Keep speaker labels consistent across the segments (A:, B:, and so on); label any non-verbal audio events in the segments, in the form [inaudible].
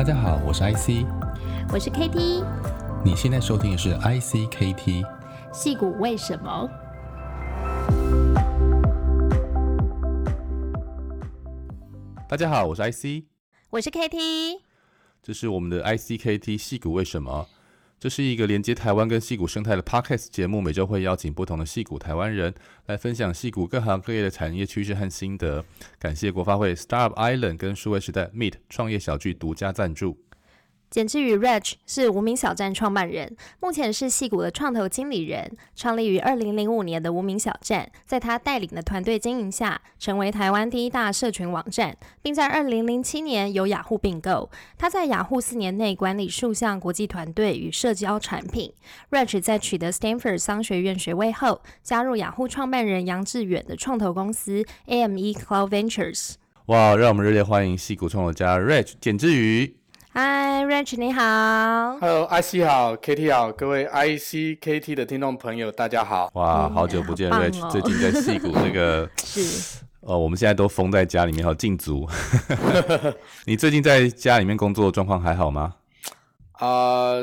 A: 大家好，我是 IC，我是 KT，你現在收聽的是 ICKT
B: 矽谷為什麼？
A: 大家好，我是 IC，我是 KT，這是我們的 ICKT 矽谷為什麼？這是一個連接台灣跟矽谷生態的 Podcast 節目，每周會邀請不同的矽谷台灣人來分享矽谷各行各業的產業趨勢和心得。感謝國發會、Startup Island 跟數位時代 Meet 創業小聚獨家贊助。
B: 簡志宇，Wretch 是無名小站創辦人，目前是矽谷的創投經理人。創立於二零零五年的無名小站，在他帶領的團隊經營下，成為台灣第一大社群網站，並在二零零七年由雅虎併購。他在雅虎四年內管理數項國際團隊與社交產品。Wretch 在取得史丹福商學院學位後，加入雅虎創辦人楊致遠的創投公司 AME Cloud
C: Ventures。
A: 哇，讓我們熱烈歡迎矽谷創投家 Wretch 簡志宇。
C: 嗨，Wretch 你好，Hello，IC 好，KT 好，各位 IC、KT 的聽眾朋友，大家好！
A: 哇，好久不見、嗯欸哦，Wretch，最近在矽谷這個 [laughs] 是哦、呃，我們現在都封在家裡面，好禁足。 [laughs] 你最近在家裡面工作的狀況還好嗎？
C: 啊、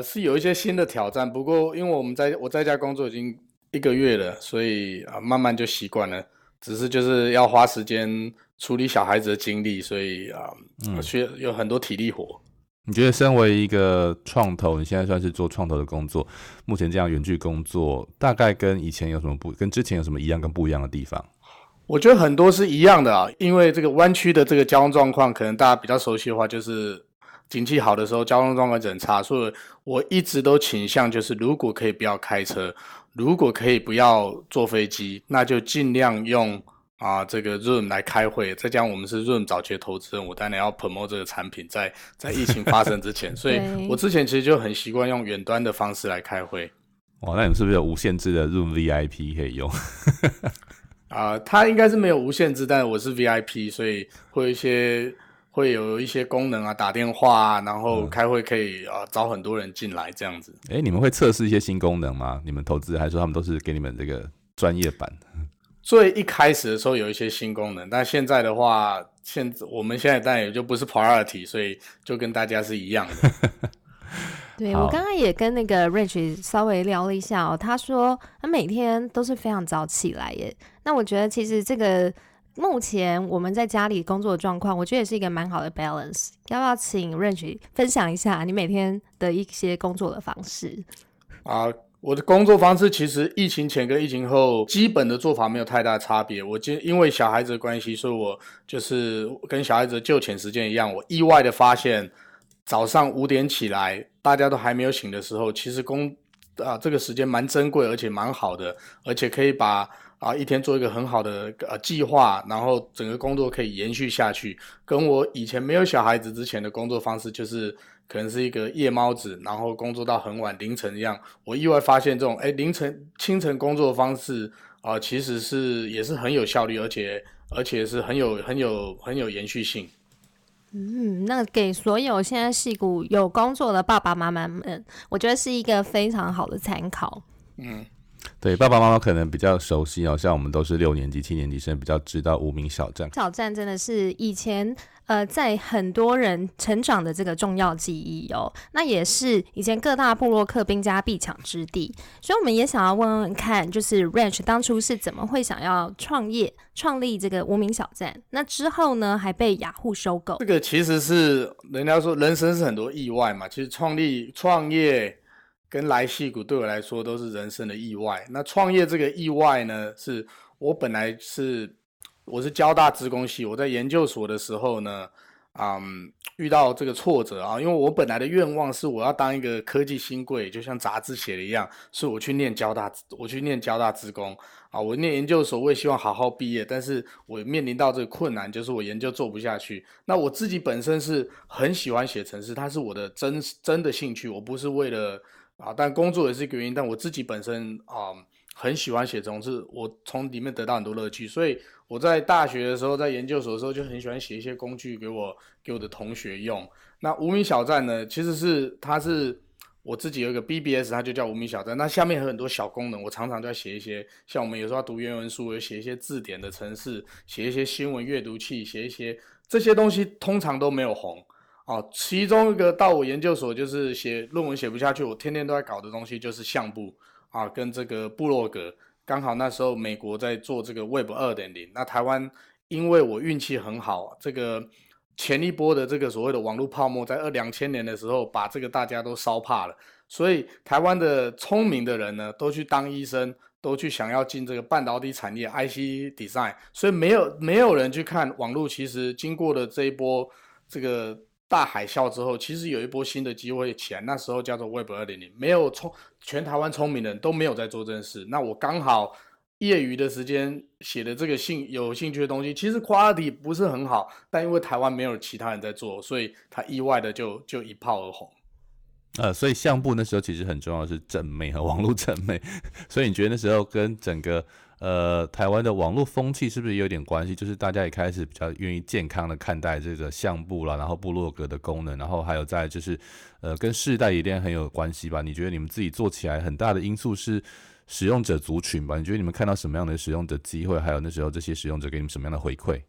C: [laughs] 呃，是有一些新的挑戰，不過因為我們在我在家工作已經一個月了，所以啊、呃，慢慢就習慣了。只是就是要花時間處理小孩子的精力，所以啊、呃，嗯，需要有很多體力活。
A: 你覺得身為一個創投，你現在算是做創投的工作？目前這樣遠距工作，大概跟以前有什麼不跟之前有什麼一樣跟不一樣的地方？
C: 我覺得很多是一樣的啊，因為這個灣區的這個交通狀況，可能大家比較熟悉的話，就是景氣好的時候交通狀況很差，所以我一直都傾向就是如果可以不要開車，如果可以不要坐飛機，那就儘量用。啊、呃，這個 Zoom 來開會，再加上我們是 Zoom 早期的投資人，我當然要 promote 這個產品在，在在疫情發生之前， [laughs] 所以我之前其實就很習慣用遠端的方式來開會。
A: 哇，那你是不是有無限制的 Zoom VIP 可以用？
C: 啊、 [laughs] 呃，他應該是沒有無限制，但是我是 VIP，所以會一些會有一些功能啊，打電話、啊，然後開會可以啊、嗯呃，找很多人進來這樣子。
A: 哎、欸，你們會測試一些新功能嗎？你們投資人還是說他們都是給你們這個專業版。
C: 最一開始的時候有一些新功能，但現在的話，現我們現在當然也就不是 priority 所以就跟大家是一樣
B: 的。 [laughs] 對，我剛剛也跟那個 Wretch 稍微聊了一下哦，他說他每天都是非常早起來耶。那我覺得其實這個目前我們在家裡工作的狀況，我覺得也是一個蠻好的 balance。要不要請 Wretch 分享一下你每天的一些工作的方式？啊。
C: 我的工作方式，其實疫情前跟疫情後基本的做法沒有太大的差別。我今因為小孩子的關係，所以我就是跟小孩子的就寢時間一樣。我意外的發現，早上五點起來，大家都還沒有醒的時候，其實工啊這個時間蠻珍貴，而且蠻好的，而且可以把啊一天做一個很好的呃、啊、計劃，然後整個工作可以延續下去。跟我以前沒有小孩子之前的工作方式就是。可能是一個夜貓子，然後工作到很晚凌晨一樣。我意外發現這種，誒，凌晨清晨工作方式啊、呃，其實是也是很有效率，而且而且是很有很有很有延續性。
B: 嗯，那給所有現在矽谷有工作的爸爸媽媽們，我覺得是一個非常好的參考。嗯。
A: 對，爸爸媽媽可能比較熟悉哦，像我們都是六年級、七年級生，比較知道無名小站。
B: 小站真的是以前呃，在很多人成長的這個重要記憶哦。那也是以前各大部落客，兵家必搶之地，所以我們也想要問問看，就是 Wretch 當初是怎麼會想要創業，創立這個無名小站？那之後呢，還被雅虎收購？這
C: 個其實是人家說人生是很多意外嘛，其實創立創業。跟來矽谷對我來說都是人生的意外。那創業這個意外呢，是我本來是我是交大資工系，我在研究所的時候呢，嗯，遇到這個挫折啊，因為我本來的願望是我要當一個科技新貴，就像雜誌寫的一樣，是我去念交大，我去念交大資工啊，我念研究所，我也希望好好畢業，但是我面臨到這個困難，就是我研究做不下去。那我自己本身是很喜歡寫程式，它是我的真真的興趣，我不是為了。啊，但工作也是一個原因，但我自己本身啊、嗯，很喜歡寫程式，我從裡面得到很多樂趣。所以我在大學的時候，在研究所的時候，就很喜歡寫一些工具給我給我的同學用。那無名小站呢，其實是它是我自己有一個 BBS，它就叫無名小站。那下面有很多小功能，我常常在要寫一些，像我們有時候要讀原文書，我寫一些字典的程式，寫一些新聞閱讀器，寫一些這些東西，通常都沒有紅。哦，其中一個到我研究所就是寫論文寫不下去，我天天都在搞的東西就是相簿啊，跟這個部落格。剛好那時候美國在做這個 Web 二點零，那台灣因為我運氣很好，這個前一波的這個所謂的網絡泡沫在二兩千年的時候把這個大家都燒怕了，所以台灣的聰明的人呢，都去當醫生，都去想要進這個半導體產業 IC Design，所以沒有沒有人去看網絡，其實經過了這一波這個。大海嘯之後，其實有一波新的機會前那時候叫做 Web 2.0，沒有聰全台灣聰明人都沒有在做這件事。那我剛好業餘的時間寫的這個興有興趣的東西，其實 quality 不是很好，但因為台灣沒有其他人在做，所以他意外的就就一炮而紅。
A: 呃，所以相簿那時候其實很重要的是正妹和網絡正妹，所以你覺得那時候跟整個？呃，台灣的網絡風氣是不是也有點關係？就是大家也開始比較願意健康的看待這個相簿啦，然後部落格的功能，然後還有在就是，呃，跟世代一定很有關係吧？你覺得你們自己做起來很大的因素是使用者族群吧？你覺得你們看到什麼樣的使用者機會？還有那時候這些使用者給你們什麼樣的回饋？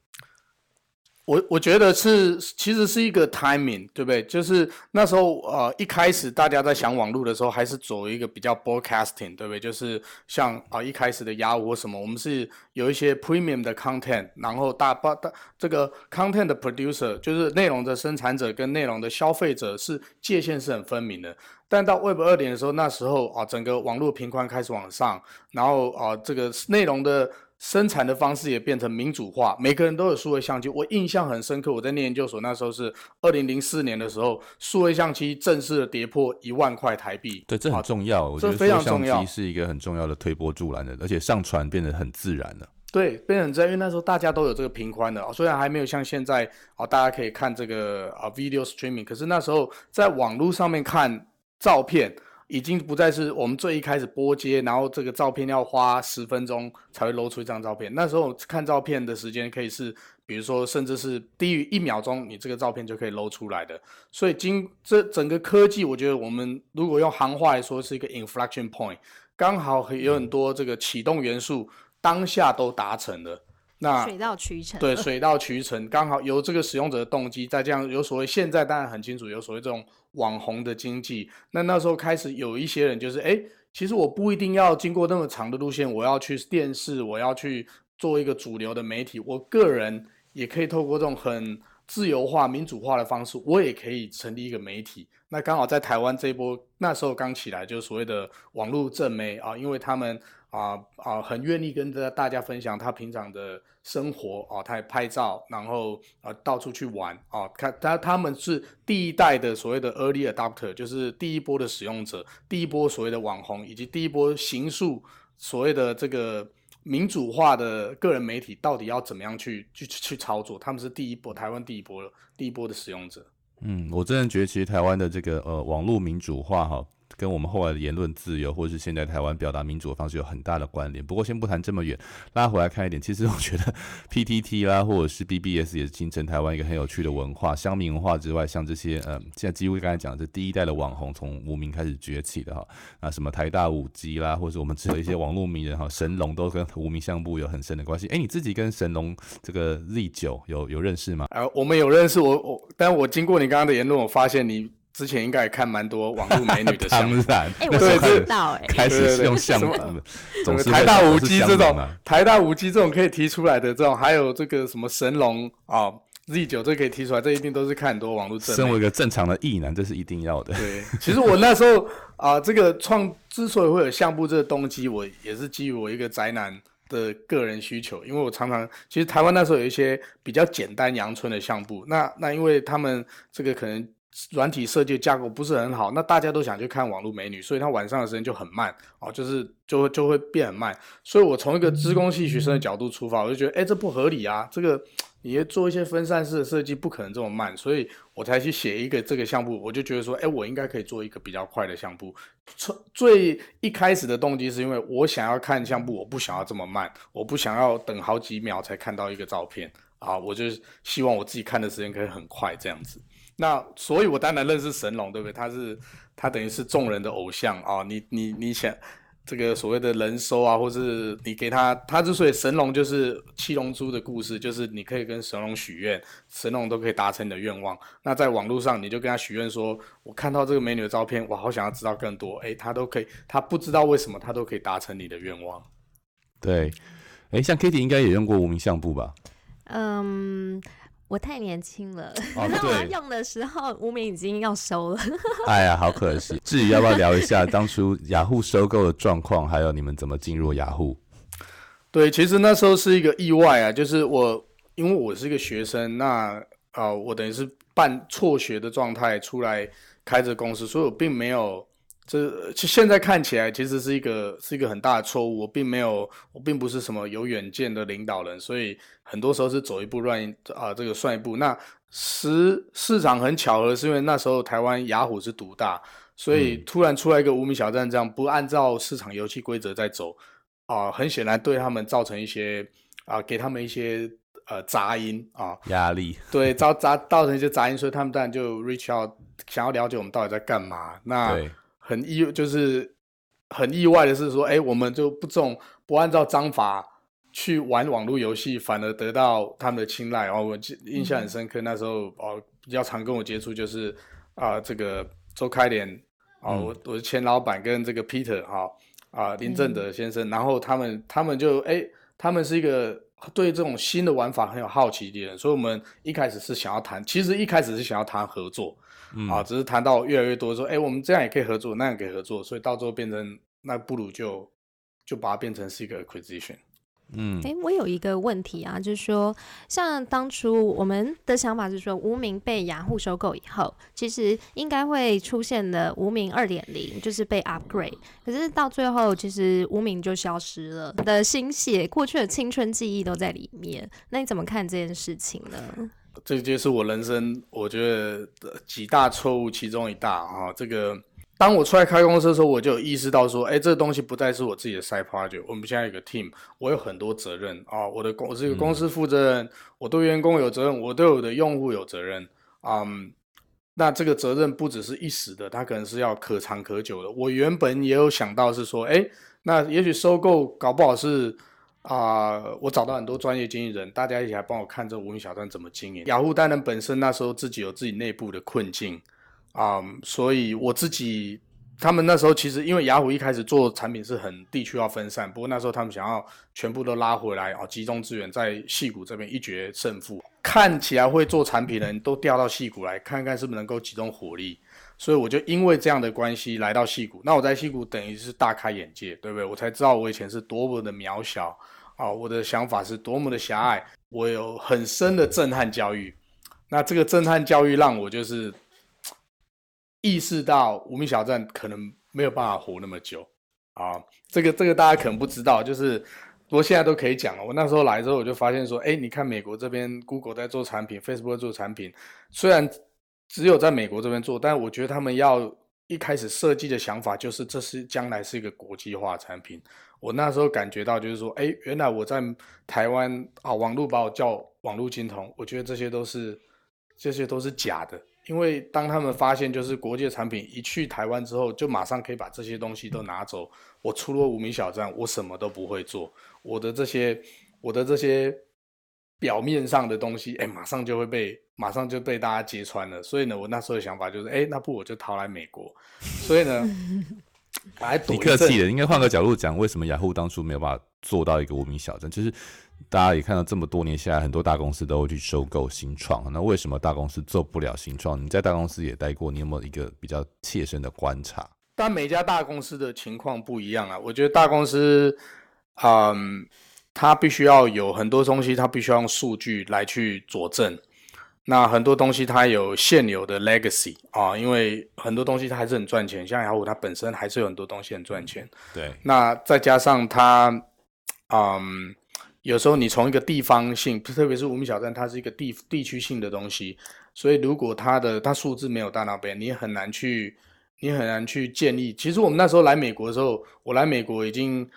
C: 我我覺得是，其實是一個 timing，對不對？就是那時候，呃，一開始大家在想網絡的時候，還是走一個比較 broadcasting，對不對？就是像啊、呃，一開始的 Yahoo 什麼，我們是有一些 premium 的 content，然後大包大，大這個 content 的 producer，就是內容的生產者跟內容的消費者是界限是很分明的。但到 Web 2.0的時候，那時候啊、呃，整個網絡頻寬開始往上，然後啊、呃，這個內容的生產的方式也變成民主化，每個人都有數位相機。我印象很深刻，我在念研究所那時候是二零零四年的時候，數位相機正式的跌破一萬塊台幣。對，這很重
A: 要，啊、我覺得數位相機是一個很重要的推波助瀾的，啊，這非常重要。而且上傳變得很自然了。
C: 對，變得很自然，因為那時候大家都有這個頻寬的，哦，雖然還沒有像現在，哦、大家可以看這個啊 video streaming，可是那時候在網絡上面看照片。已經不再是我們最一開始撥接，然後這個照片要花十分鐘才會露出一張照片。那時候看照片的時間可以是，比如說甚至是低於一秒鐘，你這個照片就可以露出來的。所以，經這整個科技，我覺得我們如果用行話來說，是一個 inflection point，剛好有很多這個啟動元素當下都達成了。那水
B: 到渠成。對，水
C: 到渠成。剛好有這個使用者的動機，在這樣有所謂現在當然很清楚，有所謂這種網紅的經濟，那那時候開始有一些人就是，哎，其實我不一定要經過那麼長的路線。我要去電視，我要去做一個主流的媒體，我個人也可以透過這種很自由化、民主化的方式，我也可以成立一個媒體。那剛好在台灣這一波那時候剛起來，就是所謂的網絡正媒啊，因為他們。啊啊，很願意跟大大家分享他平常的生活啊，他也拍照，然後啊到處去玩啊，看他他他們是第一代的所謂的 early adopter，就是第一波的使用者，第一波所謂的網紅，以及第一波形塑所謂的這個民主化的個人媒體，到底要怎麼樣去去去操作？他們是第一波台灣第一波第一波的使用者。
A: 嗯，我真的覺得，其實台灣的這個呃網絡民主化哈。跟我們後來的言論自由，或者是現在台灣表達民主的方式有很大的關聯。不過先不談這麼遠，拉回來看一點，其實我覺得 P T T 啦，或者是 B B S 也是形成台灣一個很有趣的文化，鄉民文化之外，像這些呃，現、嗯、在幾乎剛才講這是第一代的網紅，從無名開始崛起的哈啊，什麼台大五姬啦，或者是我們只有一些網絡名人哈， [laughs] 神龍都跟無名相簿有很深的關係。哎、欸，你自己跟神龍這個 Z 九有有認識嗎？啊、
C: 呃，我們有認識，我我，但我經過你剛剛的言論，我發現你。之前應該也看蠻多網絡美女的相簿，哎， [laughs] 我看不開始用相簿，對
A: 對對什,什、啊、台大五姬這種，
C: 台大五姬這種可以提出來的這種，還有這個什麼神龍啊，Z 九這可以提出來，這個，一定都是看很多網絡正妹。身為一
A: 個正常的異男，這是一定要的。
C: 對，其實我那時候啊，這個創之所以會有相簿這個動機，我也是基於我一個宅男的個人需求，因為我常常其實台灣那時候有一些比較簡單陽春的相簿，那那因為他們這個可能。軟體設計的架構不是很好，那大家都想去看網絡美女，所以他晚上的時間就很慢哦，就是就會就會變很慢。所以我從一個資工系學生的角度出發，我就覺得，哎、欸，這不合理啊！這個你要做一些分散式的設計，不可能這麼慢。所以我才去寫一個這個項目，我就覺得說，哎、欸，我應該可以做一個比較快的項目。最最一開始的動機是因為我想要看項目，我不想要這麼慢，我不想要等好幾秒才看到一個照片啊！我就希望我自己看的時間可以很快，這樣子。那所以，我當然認識神龍，對不對？他是他等於是眾人的偶像啊、哦！你你你想這個所謂的人收啊，或是你給他，他之所以神龍就是七龍珠的故事，就是你可以跟神龍許願，神龍都可以達成你的願望。那在網絡上，你就跟他許願說：“我看到這個美女的照片，我好想要知道更多。欸”哎，他都可以，他不知道為什麼，他都可以達成你的願望。
A: 對，哎、欸，像 Kitty 應該也用過無名相簿吧？嗯、
C: um...。
B: 我太年輕了，那、啊、我用的時候，無名已經要收了。 [laughs] 哎呀，
A: 好可惜。至於要不要聊一下當初雅虎收購的狀況？ [laughs] 還有你們怎麼進入雅虎？
C: 對，其實那時候是一個意外啊，就是我因為我是一個學生，那啊、呃，我等於是半輟學的狀態出來開着公司，所以我並沒有。這其實現在看起來，其實是一個是一個很大的錯誤。我並沒有，我並不是什麼有遠見的領導人，所以很多時候是走一步亂啊、呃，這個算一步。那時市場很巧合，是因為那時候台灣雅虎是獨大，所以突然出來一個無名小站，這樣不按照市場遊戲規則在走啊、呃，很顯然對他們造成一些啊、呃，給他們一些呃雜音啊、呃、壓力。對，造造造成一些雜音，所以他們當然就 reach out 想要了解我們到底在幹嘛。那很意，就是很意外的是說，哎、欸，我們就不這種，不按照章法去玩網絡遊戲，反而得到他們的青睞。然、哦、後我記印象很深刻，那時候哦比較常跟我接觸就是啊、呃，這個周開蓮哦，嗯、我我的前老闆跟這個 Peter 哈、哦、啊、呃、林正德先生，嗯、然後他們他們就哎、欸，他們是一個對這種新的玩法很有好奇的人，所以我們一開始是想要談，其實一開始是想要談合作。啊，只是談到越來越多說，哎、嗯欸，我們這樣也可以合作，那樣可以合作，所以到最後變成那，不如就就把它變成是一個 acquisition。嗯，哎、欸，
B: 我有一個問題啊，就是說，像當初我們的想法是說，無名被雅虎收購以後，其實應該會出現的無名二點零，就是被 upgrade，可是到最後，其實無名就消失了，的心血，過去的青春記憶都在裡面，那你怎麼看這件事情呢？嗯
C: 這就是我人生，我覺得的幾大錯誤其中一大啊。這個，當我出來開公司的時候，我就有意識到說，哎，這個東西不再是我自己的 side project，我們現在有個 team，我有很多責任啊。我的公，我是一個公司負責人，我對員工有責任，我對我的用戶有責任嗯。嗯，那這個責任不只是一時的，它可能是要可長可久的。我原本也有想到是說，哎，那也許收購搞不好是。啊、呃，我找到很多專業經理人，大家一起來幫我看這無名小站怎麼經營。雅虎當然本身那時候自己有自己內部的困境，啊、呃，所以我自己他們那時候其實因為雅虎一開始做的產品是很地區化分散，不過那時候他們想要全部都拉回來啊，集中資源在矽谷這邊一決勝負。看起來會做產品的人都調到矽谷來，看看是不是能夠集中火力。所以我就因為這樣的關係來到矽谷，那我在矽谷等於是大開眼界，對不對？我才知道我以前是多麼的渺小啊、哦，我的想法是多麼的狹隘，我有很深的震撼教育。那這個震撼教育讓我就是意識到無名小站可能沒有辦法活那麼久啊、哦。這個這個大家可能不知道，就是我現在都可以講了。我那時候來之後，我就發現說，誒，你看美國這邊 Google 在做產品，Facebook 在做產品，雖然。只有在美國這邊做，但我覺得他們要一開始設計的想法就是，這是將來是一個國際化產品。我那時候感覺到就是說，誒、欸，原來我在台灣啊，網絡把我叫網絡金童，我覺得這些都是這些都是假的，因為當他們發現就是國際產品一去台灣之後，就馬上可以把這些東西都拿走。我出了無名小站，我什麼都不會做，我的這些，我的這些。表面上的東西，哎、欸，馬上就會被馬上就被大家揭穿了。所以呢，我那時候的想法就是，哎、欸，那不我就逃來美國。所以呢， [laughs] 你客氣了，應
A: 該換個角度講，為什麼雅虎當初沒有辦法做到一個無名小站？就是大家也看到這麼多年下來，很多大公司都會去收購新創。那為什麼大公司做不了新創？你在大公司也待過，你有沒有一個比較切身的觀察？
C: 但每家大公司的情況不一樣啊。我覺得大公司，嗯。它必須要有很多東西，它必須要用數據來去佐證。那很多東西它有現有的 legacy 啊、呃，因為很多東西它還是很賺錢。像雅虎它本身還是有很多東西很賺錢。對。那再加上它，嗯，有時候你從一個地方性，特別是無名小站，它是一個地地區性的東西。所以如果他的它的它數字沒有大那邊，你很難去，你很難去建立。其實我們那時候來美國的時候，我來美國已經。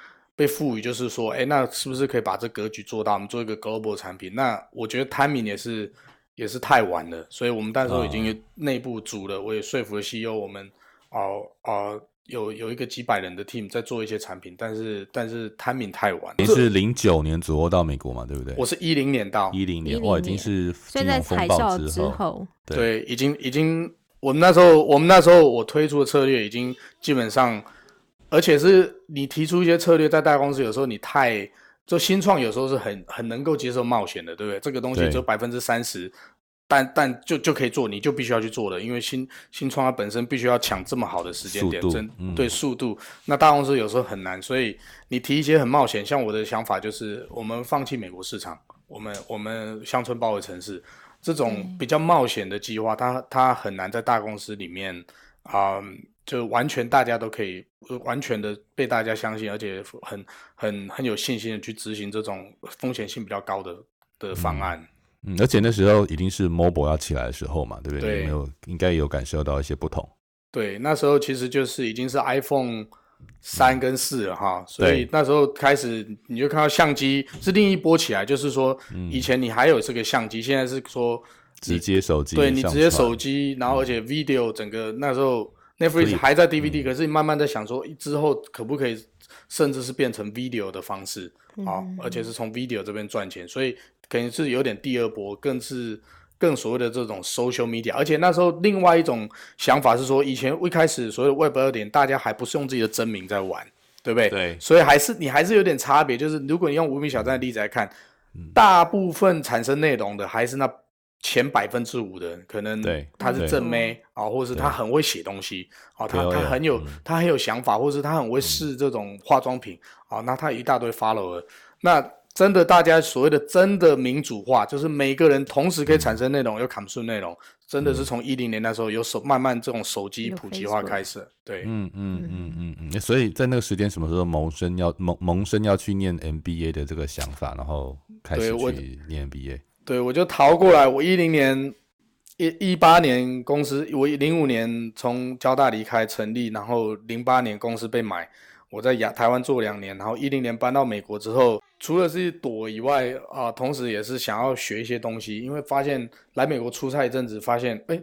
C: 被賦予就是說，哎、欸，那是不是可以把這格局做大？我們做一個 global 產品。那我覺得 timing 也是，也是太晚了。所以，我們那時候已經內部組了、嗯，我也說服了 CEO，我們哦哦、呃呃，有有一個幾百人的 team 在做一些產品。但是，但是 timing 太晚。你是
A: 零九年左右到美國嘛？對不對？我是一零年到一零年，我已經是金融風暴之後，之後
C: 對，已經已經，我們那時候，我們那時候，我推出的策略已經基本上。而且是你提出一些策略，在大公司有時候你太，就新創有時候是很很能夠接受冒險的，對不對？這個東西只有百分之三十，但但就就可以做，你就必須要去做的，因為新新創它本身必須要搶這麼好的時間點，針、嗯、對速度，那大公司有時候很難。所以你提一些很冒險，像我的想法就是，我們放棄美國市場，我們我們鄉村包圍城市這種比較冒險的計劃，嗯、它它很難在大公司裡面啊。呃就完全大家都可以完全的被大家相信，而且很很很有信心的去執行這種風險性比較高的的方案嗯。
A: 嗯，而且那時候已經是 mobile 要起來的時候嘛，對不對？對有沒有應該有感受到一些不同？
C: 對，那時候其實就是已經是 iPhone 三跟四了哈、嗯，所以那時候開始你就看到相機是另一波起來，就是說以前你還有這個相機、嗯，現在是說直接手機對你直接手機，然後而且 video 整個那時候。還在 DVD，可是你慢慢在想說之後可不可以，甚至是變成 video 的方式，嗯、好，而且是從 video 這邊賺錢，所以肯定是有點第二波，更是更所謂的這種 social media。而且那時候另外一種想法是說，以前一開始所謂的 web 2點大家還不是用自己的真名在玩，對不對？對。所以還是你還是有點差別，就是如果你用無名小站的例子來看，大部分產生內容的還是那。前百分之五的人可能，他是正妹啊、哦，或者是他很會寫東西啊、哦，他他很有、嗯、他很有想法，或者是他很會試這種化妝品啊、嗯哦，那他一大堆 follower。那真的，大家所謂的真的民主化，就是每個人同時可以產生內容，嗯、有 content 內容，真的是從一零年那時候有手、嗯、慢慢這種手機普及化開始。對，嗯
A: 嗯嗯嗯嗯。所以在那個時間，什麼時候萌生要萌萌生要去念 MBA 的這個想法，然後開始去
C: 念 MBA。對，我就逃過來。我一零年，一一八年公司，我零五年從交大離開成立，然後零八年公司被買，我在亞台灣做兩年，然後一零年搬到美國之後，除了自己躲以外啊，同時也是想要學一些東西，因為發現來美國出差一陣子，發現哎、欸，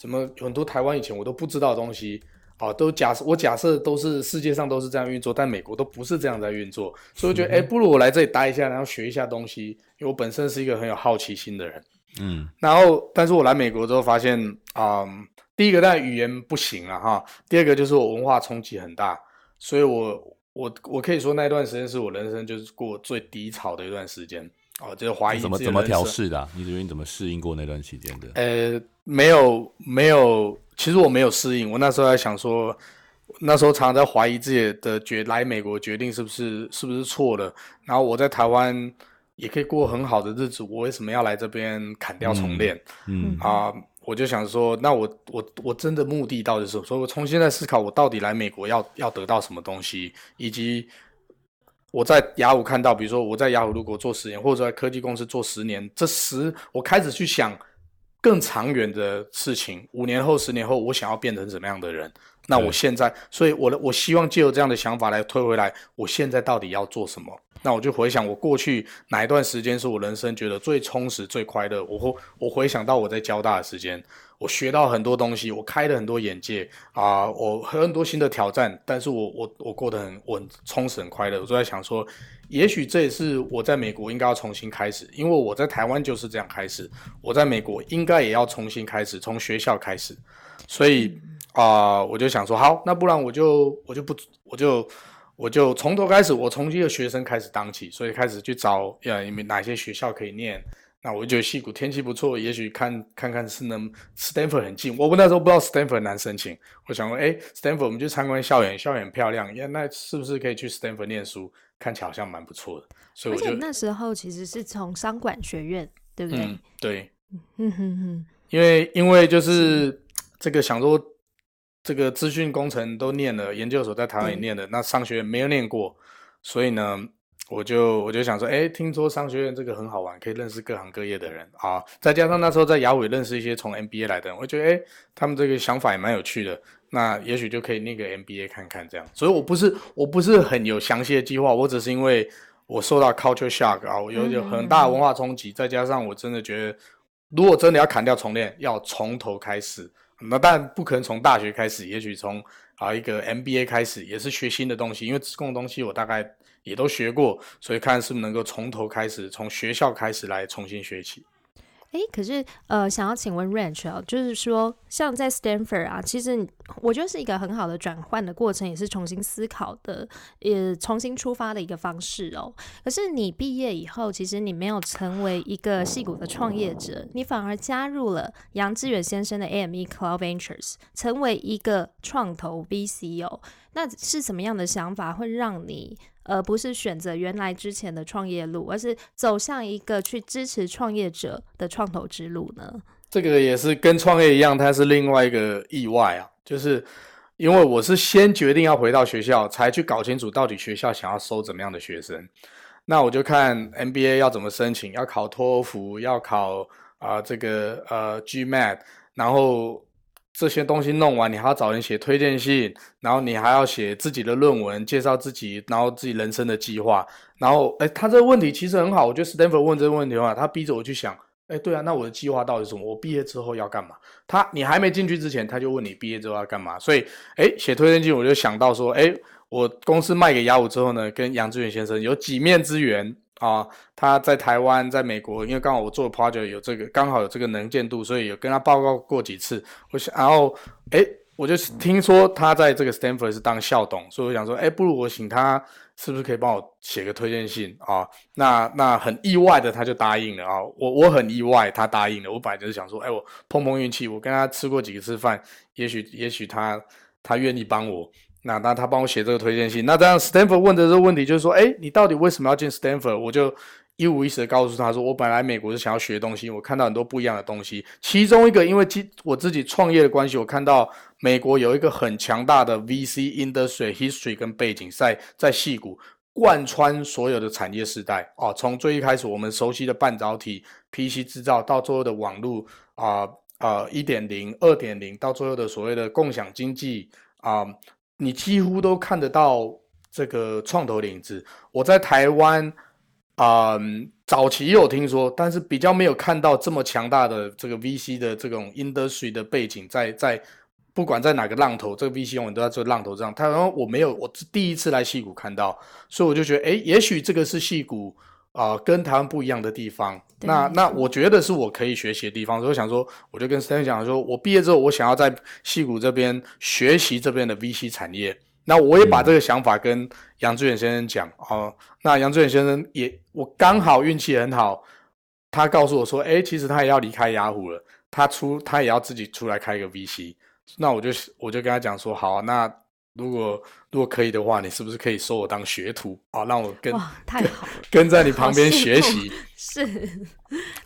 C: 怎麼很多台灣以前我都不知道的東西。好、哦，都假設我假設都是世界上都是這樣運作，但美國都不是這樣在運作，所以我覺得，哎、欸，不如我來這裡待一下，然後學一下東西，因為我本身是一個很有好奇心的人，嗯，然後，但是我來美國之後發現，啊、嗯，第一個，但語言不行啊。哈，第二個就是我文化衝擊很大，所以我，我，我可以說那段時間是我人生就是過最低潮的一段時間，哦，這個懷疑怎麼怎麼調試的、啊，你是怎麼適應過那段時間的？呃，沒有，沒有。其實我沒有適應，我那時候還想說，那時候常常在懷疑自己的決，來美國決定是不是是不是錯了。然後我在台灣也可以過很好的日子，我為什麼要來這邊砍掉重練？嗯，嗯啊，我就想說，那我我我真的目的到底是什麼？所以我重新在思考，我到底來美國要要得到什麼東西？以及我在雅虎看到，比如說我在雅虎如果做十年，或者說在科技公司做十年，這十我開始去想。更長遠的事情，五年後、十年後，我想要變成什麼樣的人，嗯？那我現在，所以我的我希望借由這樣的想法來推回來，我現在到底要做什麼？那我就回想我過去哪一段時間是我人生覺得最充實、最快樂？我我我回想到我在交大的時間，我學到很多東西，我開了很多眼界啊，呃，我很多新的挑戰，但是我我我過得很穩、我很充實、很快樂。我就在想說，也許這也是我在美國應該要重新開始，因為我在台灣就是這樣開始，我在美國應該也要重新開始，從學校開始，所以啊、呃，我就想說，好，那不然我就我就不我就我就從頭開始，我從一個學生開始當起，所以開始去找呃，嗯、你們哪些學校可以唸。那我覺得矽谷天氣不錯，也許看看看是能。Stanford 很近，我那時候不知道 Stanford 很難申請，我想問哎、欸，Stanford 我們去參觀校園，校園很漂亮，耶，那是不是可以去 Stanford 念書？看起來好像蠻不錯的。所以我。而且
B: 那時候其實是從商管學院，對不對？嗯，對。嗯哼
C: 哼。因為因為就是這個想說，這個資訊工程都念了，研究所在台灣也念了，嗯、那商學院沒有念過，所以呢。我就我就想說，哎、欸，聽說商學院這個很好玩，可以認識各行各業的人、嗯、啊。再加上那時候在雅虎認識一些從 MBA 來的人，我覺得哎、欸，他們這個想法也蠻有趣的。那也許就可以那個 MBA 看看這樣。所以我不是我不是很有詳細的計劃，我只是因為我受到 culture shock 啊，我有有很大的文化衝擊、嗯嗯。再加上我真的覺得，如果真的要砍掉重練，要從頭開始，那當然不可能從大學開始，也許從啊一個 MBA 開始，也是學新的東西，因為這種東西我大概。也都學過，所以看是否能夠從頭開始，從學校開始來重新學起。
B: 哎，可是呃，想要請問 Wretch 啊、哦，就是說，像在 Stanford 啊，其實我覺得是一個很好的轉換的過程，也是重新思考的，也重新出發的一個方式哦。可是你畢業以後，其實你沒有成為一個矽谷的創業者，你反而加入了楊致遠先生的 AME Cloud Ventures，成為一個創投 VC 哦。那是什麼樣的想法會讓你，而、呃、不是選擇原來之前的創業路，而是走向一個去支持創業者的創投之路呢？
C: 這個也是跟創業一樣，它是另外一個意外啊，就是因為我是先決定要回到學校，才去搞清楚到底學校想要收怎麼樣的學生。那我就看 MBA 要怎麼申請，要考托福，要考啊、呃、這個呃 GMAT，然後。這些東西弄完，你還要找人寫推薦信，然後你還要寫自己的論文，介紹自己，然後自己人生的計劃，然後誒、欸、他這個問題其實很好，我覺得 Stanford 問這個問題的話，他逼着我去想，誒、欸、對啊，那我的計劃到底是什麼？我畢業之後要幹嘛？他你還沒進去之前，他就問你畢業之後要幹嘛？所以誒寫、欸、推薦信我就想到說，誒、欸、我公司賣給雅虎之後呢，跟楊致遠先生有幾面之緣。啊、哦，他在台灣，在美國，因為剛好我做的 project 有這個，剛好有這個能見度，所以有跟他報告過幾次。我想，然後，哎、欸，我就聽說他在這個 Stanford 是當校董，所以我想說，哎、欸，不如我請他，是不是可以幫我寫個推薦信啊、哦？那那很意外的，他就答應了啊、哦。我我很意外，他答應了。我本來就是想說，哎、欸，我碰碰運氣，我跟他吃過幾次飯，也許也許他他願意幫我。那那他幫我寫這個推薦信。那這樣，Stanford 問的這個問題就是說，誒、欸、你到底為什麼要進 Stanford？我就一五一十的告訴他說，我本來美國是想要學東西，我看到很多不一樣的東西。其中一個，因為我自己創業的關係，我看到美國有一個很強大的 VC industry history 跟背景在，在在矽谷貫穿所有的產業時代哦，從最一開始我們熟悉的半導體 PC 製造，到最後的網路啊啊一點零、二點零，呃、.0, .0, 到最後的所謂的共享經濟啊。呃你幾乎都看得到這個創投的影子。我在台灣，嗯，早期有聽說，但是比較沒有看到這麼強大的這個 VC 的這種 industry 的背景，在在不管在哪個浪頭，這個 VC 我們都在做浪頭上。然後我沒有，我第一次來矽谷看到，所以我就覺得，誒、欸，也許這個是矽谷。啊、呃，跟台灣不一樣的地方，那那我覺得是我可以學習的地方。所以我想說，我就跟 Sam 先生講說，我畢業之後，我想要在矽谷這邊學習這邊的 VC 產業。那我也把這個想法跟楊致遠先生講哦、呃。那楊致遠先生也，我剛好運氣很好，他告訴我說，哎、欸，其實他也要離開雅虎了，他出他也要自己出來開一個 VC。那我就我就跟他講說，好、啊，那如果。如果可以的話，你是不是可以收我當學徒好、啊，讓我跟哇太好了，跟在你旁邊學習。
B: 是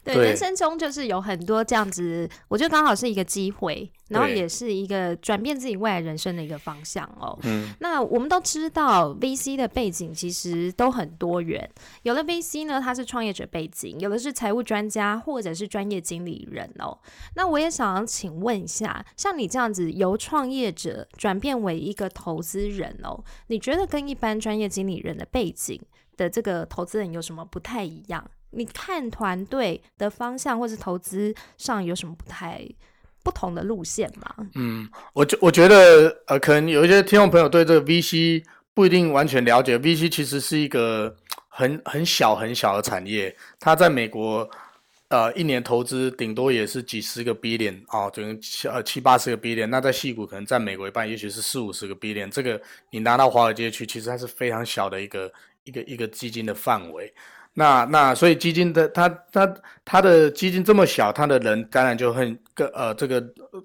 B: 對，對人生中就是有很多這樣子，我覺得剛好是一個機會，然後也是一個轉變自己未來人生的一個方向哦、喔。嗯，那我們都知道 VC 的背景其實都很多元，有的 VC 呢，他是創業者背景，有的是財務專家，或者是專業經理人哦、喔。那我也想要請問一下，像你這樣子由創業者轉變為一個投資人。哦，你覺得跟一般專業經理人的背景的這個投資人有什麼不太一樣？你看團隊的方向或是投資上有什麼不太不同的路線嗎？嗯，
C: 我就我覺得，呃，可能有一些聽眾朋友對這個 VC 不一定完全了解。VC 其實是一個很很小很小的產業，它在美國。呃，一年投資頂多也是幾十個 billion 哦，等於七呃七八十個 billion。那在矽谷可能占美國一半，也許是四五十個 billion。這個你拿到華爾街去，其實還是非常小的一個一個一個基金的範圍。那那所以基金的它它它的基金這麼小，它的人當然就很，呃這個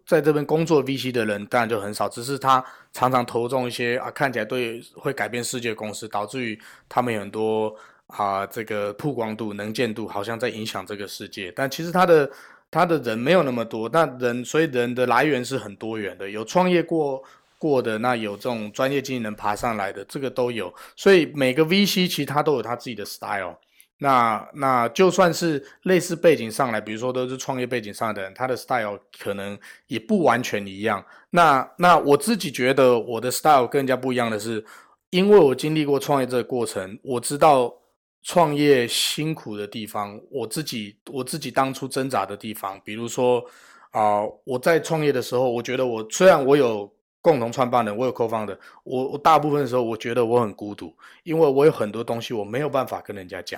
C: 在這邊工作 VC 的人當然就很少。只是他常常投中一些啊，看起來對會改變世界的公司，導致於他們很多。啊，這個曝光度、能見度好像在影響這個世界，但其實他的他的人沒有那麼多，那人所以人的來源是很多元的，有創業過過的，那有這種專業經理人爬上來的，這個都有。所以每個 VC 其實他都有他自己的 style 那。那那就算是類似背景上來，比如說都是創業背景上的人，他的 style 可能也不完全一樣。那那我自己覺得我的 style 跟人家不一樣的是，因為我經歷過創業這個過程，我知道。創業辛苦的地方，我自己我自己當初掙扎的地方，比如說啊、呃，我在創業的時候，我覺得我雖然我有共同創辦人，我有 cofounder，我我大部分的時候，我覺得我很孤獨，因為我有很多東西我沒有辦法跟人家講，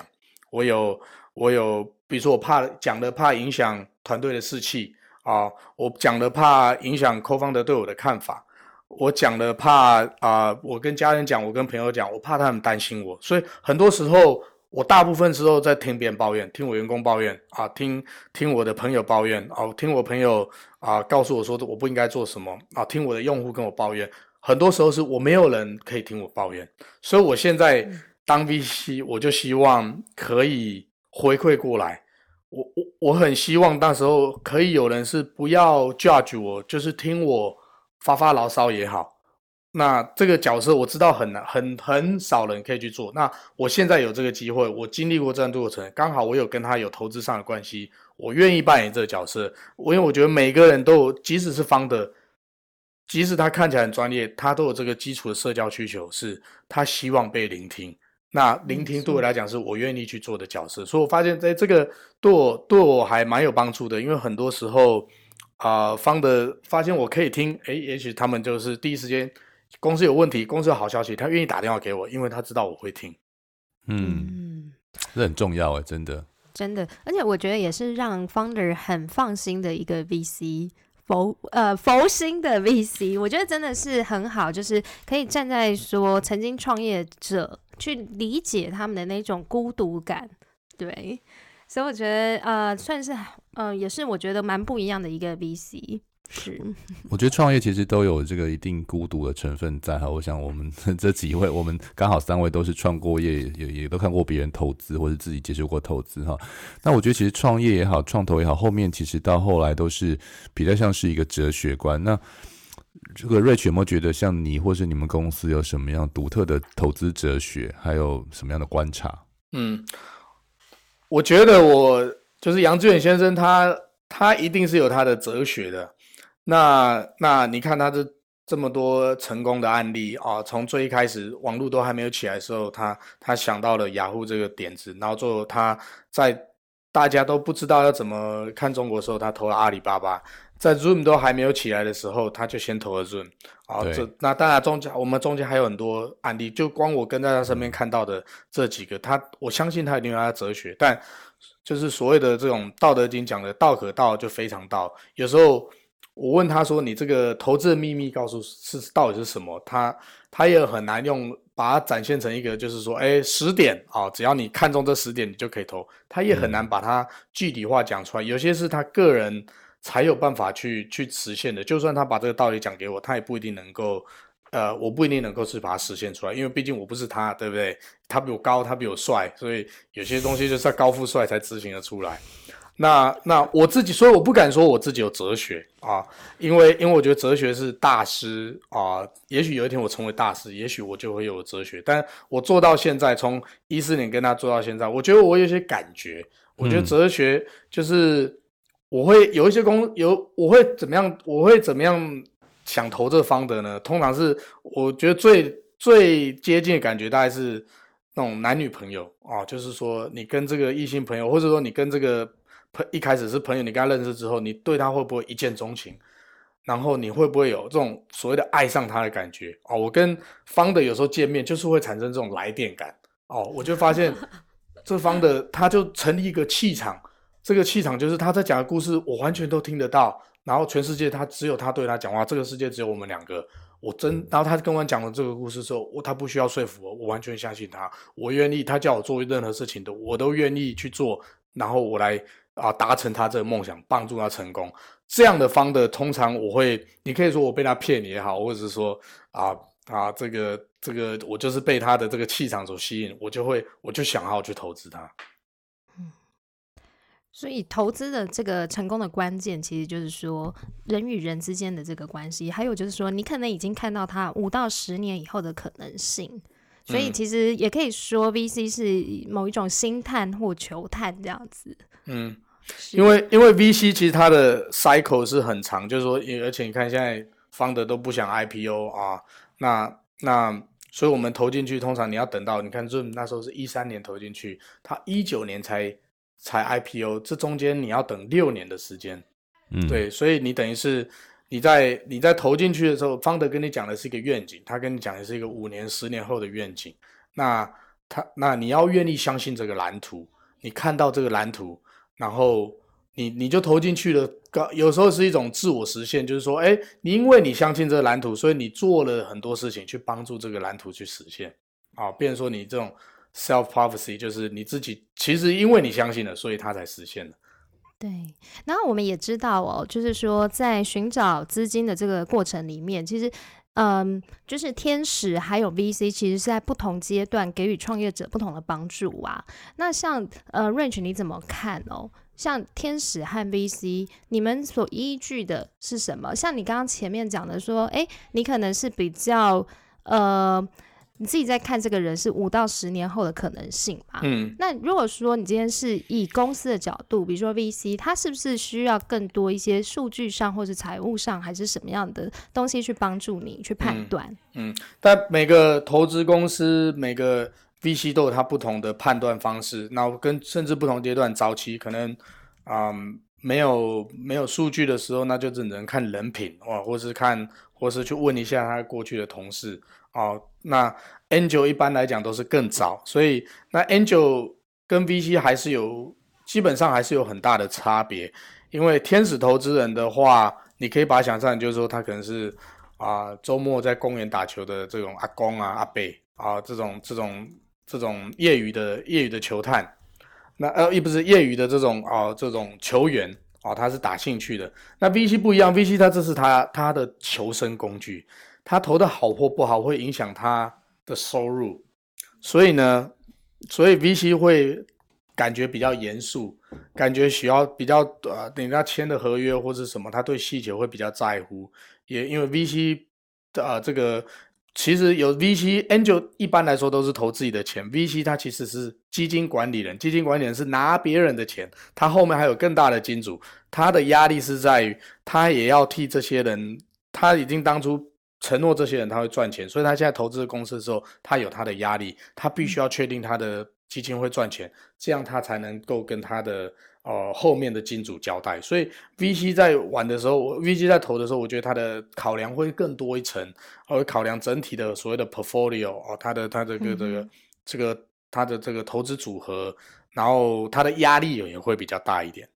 C: 我有我有，比如說我怕講了怕影響團隊的士氣啊、呃，我講了怕影響 cofounder 對我的看法，我講了怕啊、呃，我跟家人講，我跟朋友講，我怕他們擔心我，所以很多時候，我大部分時候在聽別人抱怨，聽我員工抱怨啊，聽聽我的朋友抱怨啊，聽我朋友啊告訴我說我不應該做什麼啊，聽我的用戶跟我抱怨，很多時候是我沒有人可以聽我抱怨，所以我現在當 VC，我就希望可以回饋過來，我我我很希望那時候可以有人是不要 judge 我，就是聽我發發牢騷也好。那這個角色我知道很難，很很少人可以去做。那我現在有這個機會，我經歷過這段過程，剛好我有跟他有投資上的關係，我願意扮演這個角色。我因為我覺得每個人都有，即使是方的，即使他看起來很專業，他都有這個基礎的社交需求，是他希望被聆聽。那聆聽對我來講是我願意去做的角色，嗯、所以我發現在、哎、這個對我對我還蠻有幫助的，因為很多時候啊，方、呃、的發現我可以聽，誒、哎，也許他們就是第一時間，公司有問題，公司有好消息，他願意打電話給我，因為他知道我會聽。
A: 嗯，嗯，這很重要哎、欸，真的，
B: 真的，而且我覺得也是讓 Founder 很放心的一個 VC，佛呃佛心的 VC，我覺得真的是很好，就是可以站在說曾經創業者去理解他們的那種孤獨感。對，所以我覺得呃算是呃也是我覺得蠻不一樣的一個 VC。是
A: [noise] 我覺得創業其實都有這個一定孤獨的成分在哈。我想我們這幾位，我們剛好三位都是創過業，也也都看過別人投資，或者自己接受過投資哈。那我覺得其實創業也好，創投也好，後面其實到後來都是比較像是一個哲學觀。那這個瑞全 c 有沒有覺得像你，或是你們公司有什麼樣獨特的投資哲學，還有什麼樣的觀察？嗯，
C: 我覺得我就是楊志遠先生他，他他一定是有他的哲學的。那那你看他這這麼多成功的案例啊、哦，從最一開始網絡都還沒有起來的時候，他他想到了雅虎這個點子，然後最後他在大家都不知道要怎麼看中國的時候，他投了阿里巴巴，在 Zoom 都還沒有起來的時候，他就先投了 Zoom、哦。好，這那當然中間我們中間還有很多案例，就光我跟在他身邊看到的這幾個，嗯、他我相信他一定有他的哲學，但就是所謂的這種《道德經》講的“道可道，就非常道”，有時候。我問他說：“你這個投資的秘密，告訴是到底是什麼？”他他也很難用把它展現成一個，就是說，哎，十點啊、哦，只要你看中這十點，你就可以投。他也很難把它具體化講出來。有些是他個人才有辦法去去實現的。就算他把這個道理講給我，他也不一定能夠，呃，我不一定能夠是把它實現出來，因為畢竟我不是他，對不對？他比我高，他比我帥，所以有些東西就是高富帥才執行得出來。那那我自己，所以我不敢說我自己有哲學啊，因為因為我覺得哲學是大師啊。也許有一天我成為大師，也許我就會有哲學。但我做到現在，從一四年跟他做到現在，我覺得我有些感覺。我覺得哲學就是我會有一些工，嗯、有我會怎麼樣，我會怎麼樣想投這方的呢？通常是我覺得最最接近的感覺，大概是那種男女朋友啊，就是說你跟這個異性朋友，或者說你跟這個。一開始是朋友，你跟他認識之後，你對他會不會一見鍾情？然後你會不會有這種所謂的愛上他的感覺？哦，我跟 Founder 有時候見面，就是會產生這種來電感。哦，我就發現這 Founder 他就成立一個氣場， [laughs] 這個氣場就是他在講的故事，我完全都聽得到。然後全世界他只有他對他講話，這個世界只有我們兩個。我真，然後他跟我講了這個故事之後，我他不需要說服我，我完全相信他，我願意。他叫我做任何事情的，我都願意去做。然後我來。啊，達成他這個夢想，幫助他成功，這樣的方的通常我會，你可以說我被他騙也好，或者是說啊啊，這個這個，我就是被他的這個氣場所吸引，我就會我就想要去投資他。嗯。
B: 所以投資的這個成功的關鍵，其實就是說人與人之間的這個關係，還有就是說你可能已經看到他五到十年以後的可能性，
C: 所以其
B: 實也可以說 VC 是某一種星探或球探這樣子。
C: 嗯，因為因為 VC 其實它的 cycle 是很長，就是說，而且你看現在方德都不想 IPO 啊，那那所以我們投進去，通常你要等到，你看 Zoom 那時候是一三年投進去，他一九年才才 IPO，這中間你要等六年的時間，嗯，對，所以你等於是你在你在投進去的時候，方德跟你講的是一個願景，他跟你講的是一個五年、十年後的願景，那他那你要願意相信這個藍圖，你看到這個藍圖。然後你你就投進去了，有時候是一種自我實現，就是說，哎，你因為你相信這個藍圖，所以你做了很多事情去幫助這個藍圖去實現，啊、哦，變成說你這種 self-prophecy，就是你自己其實因為你相信了，所以它才實現了。
B: 對，然後我們也知道哦，就是說在尋找資金的這個過程裡面，其實。嗯，就是天使還有 VC，其實是在不同階段給予創業者不同的幫助啊。那像呃 Wretch，你怎麼看哦？像天使和 VC，你們所依據的是什麼？像你剛剛前面講的說，哎、欸，你可能是比較呃。你自己在看這個人是五到十年後的可能性吧。嗯，那如果說你今天是以公司的角度，比如說 VC，他是不是需要更多一些數據上或者財務上，還是什麼樣的東西去幫助你去判斷？嗯，
C: 嗯，但每個投資公司每個 VC 都有它不同的判斷方式。那跟甚至不同階段，早期可能啊、嗯、沒有沒有數據的時候，那就只能看人品哇，或是看，或是去問一下他過去的同事。哦，那 Angel 一般來講都是更早，所以那 Angel 跟 VC 還是有基本上還是有很大的差別，因為天使投資人的話，你可以把它想象就是說他可能是啊、呃、週末在公園打球的這種阿公啊阿伯啊、呃、這種這種這種業餘的業餘的球探，那呃也不是業餘的這種哦、呃、這種球員哦，他是打興趣的，那 VC 不一樣，VC 他這是他他的求生工具。他投的好或不好會影響他的收入，所以呢，所以 VC 會感覺比較嚴肅，感覺需要比較呃，跟他簽的合約或是什麼，他對細節會比較在乎。也因為 VC 啊、呃，這個其實有 VC angel 一般來說都是投自己的錢，VC 他其實是基金管理人，基金管理人是拿別人的錢，他後面還有更大的金主，他的壓力是在於他也要替這些人，他已經當初。承諾這些人他會賺錢，所以他現在投資公司的時候，他有他的壓力，他必須要確定他的基金會賺錢，嗯，這樣他才能夠跟他的呃後面的金主交代。所以 VC 在玩的時候、嗯，VC 在投的時候，我覺得他的考量會更多一層，而、呃、考量整體的所謂的 portfolio 哦、呃，他的他的這個、嗯、這個這個他的這個投資組合，然後他的壓力也會比較大一點。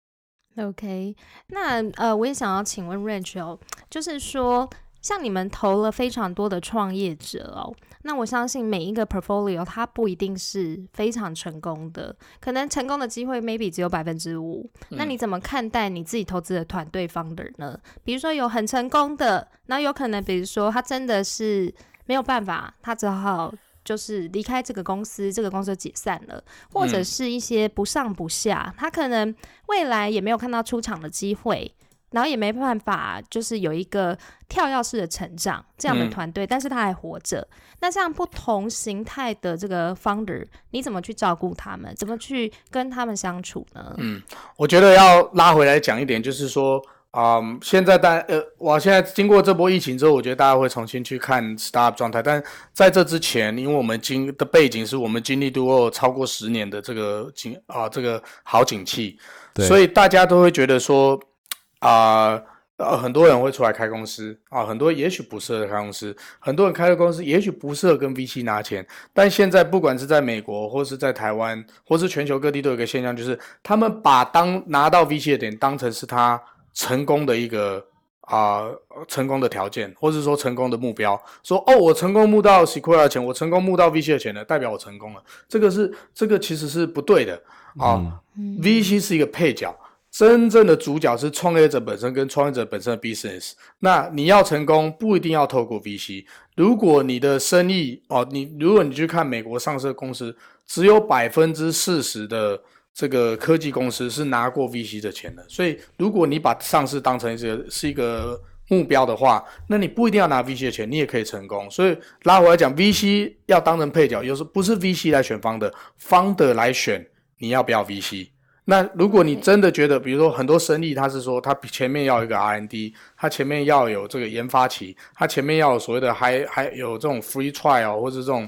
B: OK，那呃，我也想要請問 Wretch，就是說，像你們投了非常多的創業者哦，那我相信每一個 portfolio 它不一定是非常成功的，可能成功的機會 maybe 只有百分之五。那你怎麼看待你自己投資的團隊 founder 呢？比如說有很成功的，那有可能比如說他真的是沒有辦法，他只好就是離開這個公司，這個公司就解散了，或者是一些不上不下，嗯，他可能未來也沒有看到出場的機會。然後也沒辦法，就是有一個跳躍式的成長這樣的團隊，嗯、但是他還活着。那像不同形態的這個 founder，你怎麼去照顧他們？怎麼去跟他們相處呢？嗯，
C: 我覺得要拉回來講一點，就是說啊、嗯，現在大呃，我現在經過這波疫情之後，我覺得大家會重新去看 startup 狀態。但在這之前，因為我們經的背景是我們經歷度過超過十年的這個景啊，這個好景氣，對，所以大家都會覺得說。啊、呃，呃，很多人會出來開公司啊、呃，很多也許不適合開公司，很多人開了公司，也許不適合跟 VC 拿錢。但現在不管是在美國，或是在台灣，或是全球各地，都有一個現象，就是他們把當拿到 VC 的錢當成是他成功的一個啊、呃、成功的條件，或是說成功的目標。說哦，我成功募到 Sequoia 的錢，我成功募到 VC 的錢了，代表我成功了。這個是這個其實是不對的啊、嗯呃嗯、，VC 是一個配角。真正的主角是創業者本身跟創業者本身的 business。那你要成功，不一定要透過 VC。如果你的生意哦，你如果你去看美國上市的公司，只有百分之四十的這個科技公司是拿過 VC 的錢的。所以，如果你把上市當成一個是一個目標的話，那你不一定要拿 VC 的錢，你也可以成功。所以拉回來講，VC 要當成配角，有時不是 VC 來選 founder，founder 來選，你要不要 VC。那如果你真的覺得，比如說很多生意，它是說它前面要一個 R&D，它前面要有這個研發期，它前面要有所謂的還還有這種 free trial 或者這種，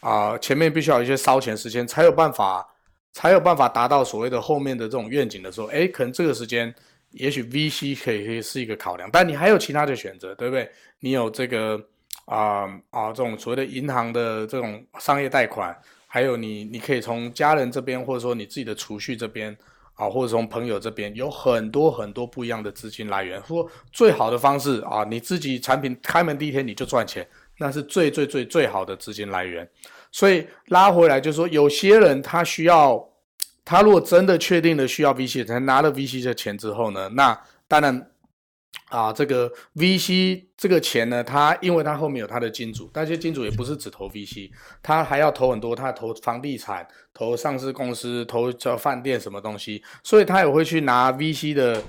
C: 啊、呃，前面必須要有一些燒錢時間，才有辦法才有辦法達到所謂的後面的這種願景的時候，誒，可能這個時間也許 VC 可以可以是一個考量，但你還有其他的選擇，對不對？你有這個啊啊、呃呃、這種所謂的銀行的這種商業貸款。還有你，你可以從家人這邊，或者說你自己的儲蓄這邊，啊，或者從朋友這邊，有很多很多不一樣的資金來源。說最好的方式啊，你自己產品開門第一天你就賺錢，那是最最最最好的資金來源。所以拉回來就是說，有些人他需要，他如果真的確定了需要 VC，才拿了 VC 的錢之後呢，那當然。啊，這個 VC 這個錢呢，他因為他後面有他的金主，但是金主也不是只投 VC，他還要投很多，他投房地產、投上市公司、投叫飯店什麼東西，所以他也會去拿 VC 的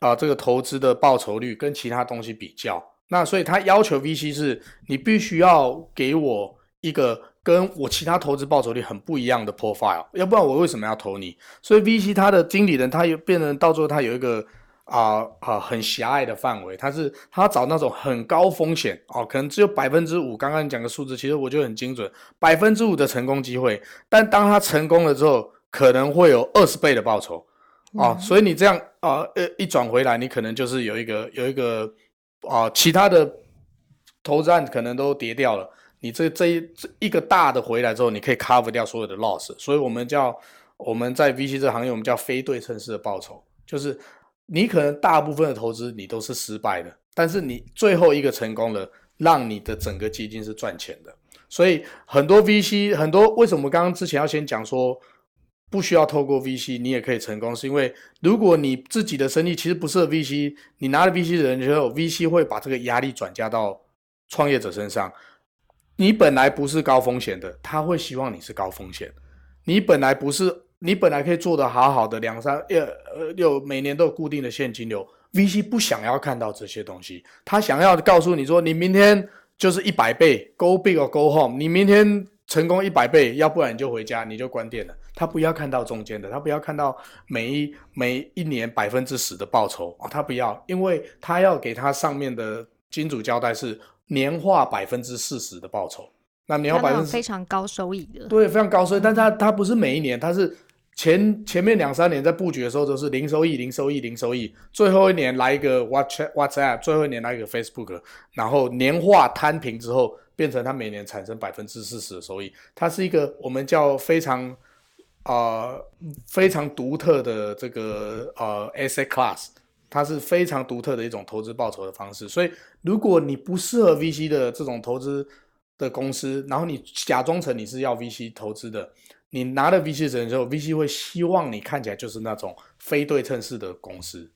C: 啊這個投資的報酬率跟其他東西比較。那所以他要求 VC 是，你必須要給我一個跟我其他投資報酬率很不一樣的 profile，要不然我為什麼要投你？所以 VC 他的經理人，他又變成到最後，他有一個。啊、呃、啊、呃，很狹隘的範圍，他是他找那種很高風險哦、呃，可能只有百分之五。剛剛講的數字，其實我覺得很精準，百分之五的成功機會。但當他成功了之後，可能會有二十倍的報酬，哦、嗯呃，所以你這樣啊，呃，一轉回來，你可能就是有一個有一個啊、呃，其他的投資案可能都跌掉了，你這這一這一個大的回來之後，你可以 cover 掉所有的 loss。所以我們叫我們在 VC 這行業，我們叫非對稱式的報酬，就是。你可能大部分的投資你都是失敗的，但是你最後一個成功了，讓你的整個基金是賺錢的。所以很多 VC，很多為什麼我們剛剛之前要先講說不需要透過 VC 你也可以成功，是因為如果你自己的生意其實不適合 VC，你拿了 VC 的人之後，VC 會把這個壓力轉嫁到創業者身上。你本來不是高風險的，他會希望你是高風險。你本來不是。你本來可以做得好好的，兩三呃呃，六，每年都有固定的現金流。VC 不想要看到這些東西，他想要告訴你說，你明天就是一百倍，Go big or go home，你明天成功一百倍，要不然你就回家，你就關店了。他不要看到中間的，他不要看到每一每一年百分之十的報酬啊、哦，他不要，因為他要給他上面的金主交代是年化百分之四十的報酬。那年化百分之非
B: 常高收益的，對，非
C: 常高收益，但他他不是每一年，嗯、他是。前前面兩三年在布局的時候都是零收益、零收益、零收益，最後一年來一個 WhatsApp，WhatsApp，最後一年來一個 Facebook，然後年化攤平之後，變成它每年產生百分之四十的收益。它是一個我們叫非常啊、呃、非常獨特的這個呃 asset class，它是非常獨特的一種投資報酬的方式。所以如果你不適合 VC 的這種投資的公司，然後你假裝成你是要 VC 投資的。你拿了 VC 錢之後，VC 會希望你看起來就是那種非對稱式的公司，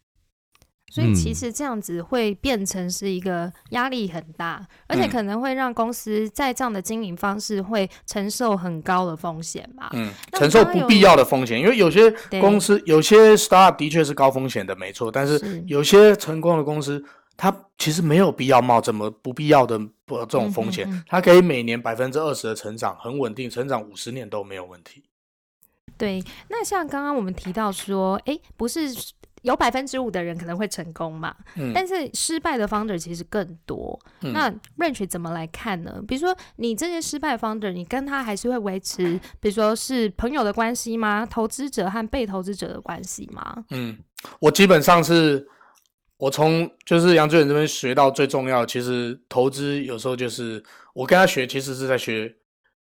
C: 所以其
B: 實這樣子會變成是一個壓力很大，嗯，而且可能會讓公司在這樣的經營方式會承受很高的風險嘛，嗯，承受不必要的
C: 風險，因為有些公司有些 startup 的確是高風險的，沒錯，但是有些成功的公司。他其實沒有必要冒這麼不必要的、不這種風險，他、嗯、可以每年百分之二十的成長，很穩定，成長五十年都沒有問題。
B: 對，那像剛剛我們提到說，哎，不是有百分之五的人可能會成功嘛、嗯？但是失敗的 founder 其實更多。嗯、那 range 怎麼來看呢？比如說，你這些失敗 founder，你跟他還是會維持，比如說是朋友的關係嗎？投資者和被投資者的關係嗎？嗯，
C: 我基本上是。我從就是楊致遠這邊學到最重要的，其實投資有時候就是我跟他學，其實是在學，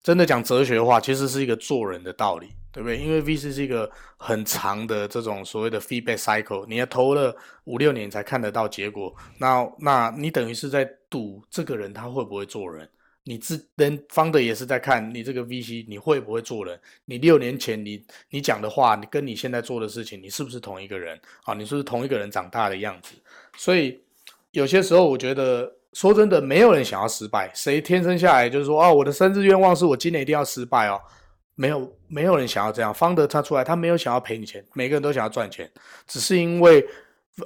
C: 真的講哲學的話，其實是一個做人的道理，對不對？因為 VC 是一個很長的這種所謂的 feedback cycle，你要投了五六年才看得到結果，那那你等於是在賭這個人他會不會做人。你自跟 Founder 也是在看你這個 VC，你會不會做人？你六年前你你講的話，你跟你現在做的事情，你是不是同一個人？啊，你是不是同一個人長大的樣子？所以有些時候，我覺得說真的，沒有人想要失敗。誰天生下來就是說哦，我的生日願望是我今年一定要失敗哦？沒有，沒有人想要這樣。Founder 他出來，他沒有想要賠你錢。每個人都想要賺錢，只是因為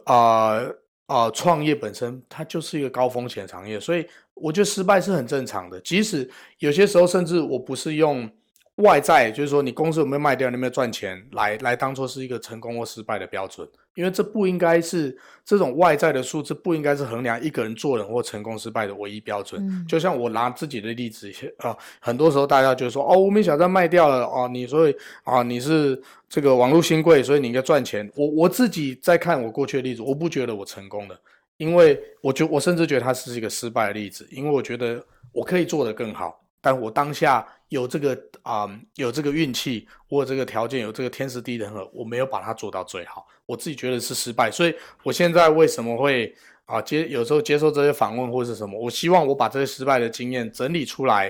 C: 啊啊，創業本身它就是一個高風險行業，所以。我覺得失敗是很正常的，即使有些時候，甚至我不是用外在，就是說你公司有沒有賣掉，你有沒有賺錢，來來當做是一個成功或失敗的標準，因為這不應該是這種外在的數字，不應該是衡量一個人做人或成功失敗的唯一標準。嗯、就像我拿自己的例子，啊、呃，很多時候大家就說哦，無名小站賣掉了哦、呃，你所以啊、呃、你是這個網絡新貴，所以你應該賺錢。我我自己在看我過去的例子，我不覺得我成功了。因為我覺得，我甚至覺得它是一個失敗的例子。因為我覺得我可以做得更好，但我當下有這個啊、呃，有這個運氣，我有這個條件，有這個天時地利人和，我沒有把它做到最好，我自己覺得是失敗。所以我現在為什麼會啊接有時候接受這些訪問或是什麼？我希望我把這些失敗的經驗整理出來，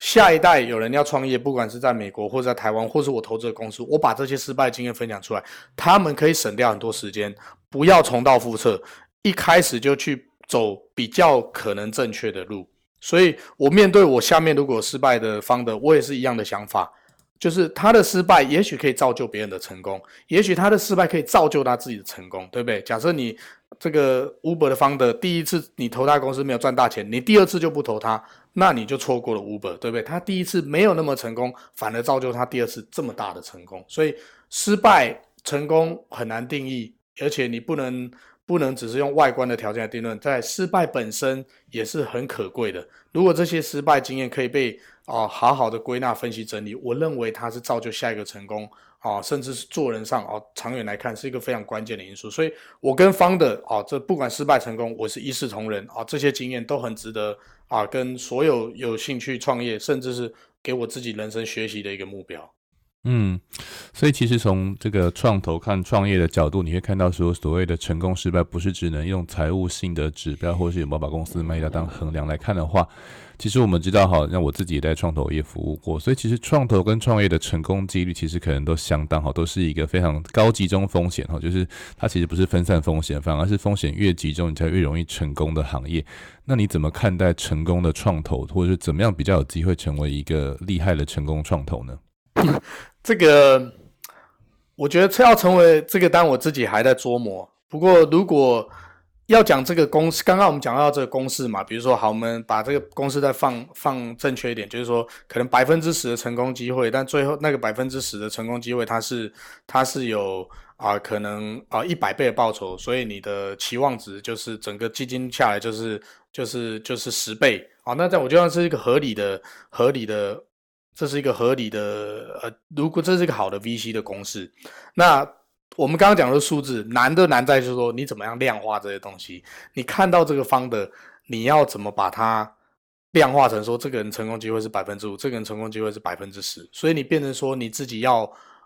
C: 下一代有人要創業，不管是在美國或者在台灣，或是我投資的公司，我把這些失敗的經驗分享出來，他們可以省掉很多時間，不要重蹈覆轍。一開始就去走比較可能正確的路，所以我面對我下面如果失敗的 Founder，我也是一樣的想法，就是他的失敗也許可以造就別人的成功，也許他的失敗可以造就他自己的成功，對不對？假設你這個 Uber 的 Founder 第一次你投他公司沒有賺大錢，你第二次就不投他，那你就錯過了 Uber，對不對？他第一次沒有那麼成功，反而造就他第二次這麼大的成功，所以失敗成功很難定義，而且你不能。不能只是用外觀的條件來定論，在失敗本身也是很可貴的。如果這些失敗經驗可以被啊、呃、好好的歸納、分析、整理，我認為它是造就下一個成功啊、呃，甚至是做人上啊、呃、長遠來看是一個非常關鍵的因素。所以，我跟 Founder 啊，這不管失敗成功，我是一視同仁啊、呃。這些經驗都很值得啊、呃，跟所有有興趣創業，甚至是給我自己人生學習的一個目標。
A: 嗯，所以其實從這個創投看創業的角度，你會看到說，所謂的成功失敗，不是只能用財務性的指標，或是有沒有把公司賣掉當衡量來看的話，其實我們知道哈，那我自己也在創投業服務過，所以其實創投跟創業的成功幾率，其實可能都相當好，都是一個非常高集中風險哈，就是它其實不是分散風險，反而是風險越集中，你才越容易成功的行業。那你怎麼看待成功的創投，或者是怎麼樣比較有機會成為一個厲害的成功創投呢？嗯
C: 這個我覺得這要成為這個單，我自己還在琢磨。不過如果要講這個公式，剛剛我們講到這個公式嘛，比如說好，我們把這個公式再放放正確一點，就是說可能百分之十的成功機會，但最後那個百分之十的成功機會它，它是它是有啊、呃、可能啊一百倍的報酬，所以你的期望值就是整個基金下來就是就是就是十倍啊。那這樣我覺得是一個合理的合理的。這是一個合理的呃，如果這是一個好的 VC 的公式，那我們剛剛講的數字難的難在就是說你怎麼樣量化這些東西？你看到這個 founder，你要怎麼把它量化成說這個人成功機會是百分之五，這個人成功機會是百分之十？所以你變成說你自己要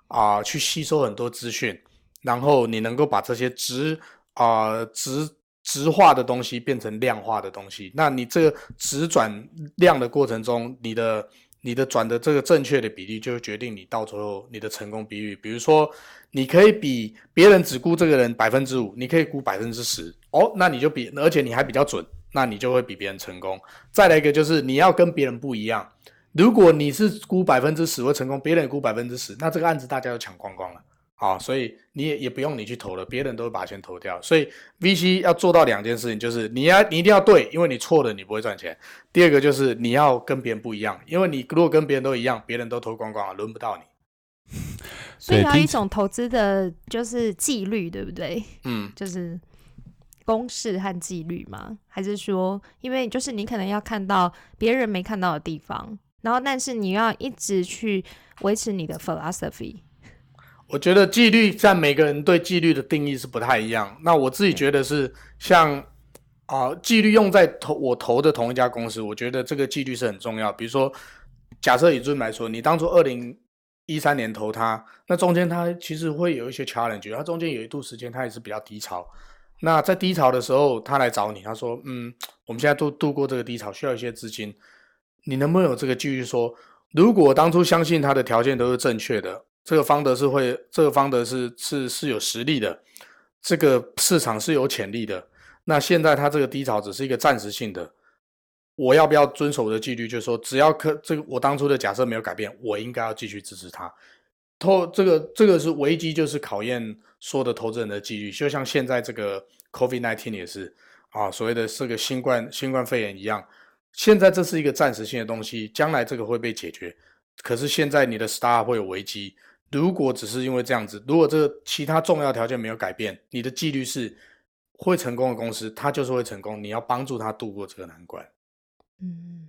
C: 啊、呃、去吸收很多資訊，然後你能夠把這些質啊、呃、質質化的東西變成量化的東西。那你這個質轉量的過程中，你的你的轉的這個正確的比例，就會決定你到最後你的成功比例。比如說，你可以比別人只估這個人百分之五，你可以估百分之十，哦，那你就比，而且你還比較準，那你就會比別人成功。再來一個就是你要跟別人不一樣。如果你是估百分之十會成功，別人也估百分之十，那這個案子大家都搶光光了。好，哦，所以你也也不用你去投了，別人都會把錢投掉。所以 VC 要做到兩件事情，就是你要你一定要對，因為你錯了你不會賺錢。第二個就是你要跟別人不一樣，因為你如果跟別人都一樣，別人都投光光了，輪不到你。
B: [laughs] 所以，要一種投資的就是紀律，對不對？
C: 嗯，
B: 就是公式和紀律嘛，還是說，因為就是你可能要看到別人沒看到的地方，然後但是你要一直去維持你的 philosophy。
C: 我覺得紀律，占每個人對紀律的定義是不太一樣。那我自己覺得是像啊，呃、紀律用在投我投的同一家公司，我覺得這個紀律是很重要。比如說，假設以尊來說，你當初二零一三年投他，那中間他其實會有一些 challenge，他中間有一度時間他也是比較低潮。那在低潮的時候，他來找你，他說：“嗯，我們現在度度過這個低潮，需要一些資金，你能不能有這個紀律說？說如果我當初相信他的條件都是正確的。”這個方德是會，這個方德是是是有實力的，這個市場是有潛力的。那現在它這個低潮只是一個暫時性的。我要不要遵守我的紀律？就是說，只要可，這個我當初的假設沒有改變，我應該要繼續支持它。投這個，這個是危機，就是考驗所有的投資人的紀律。就像現在這個 COVID-19 也是啊，所謂的這個新冠新冠肺炎一樣。現在這是一個暫時性的東西，將來這個會被解決。可是現在你的 startup 會有危機。如果只是因為這樣子，如果這個其他重要條件沒有改變，你的機率是會成功的公司，它就是會成功。你要幫助它度過這個難關。嗯，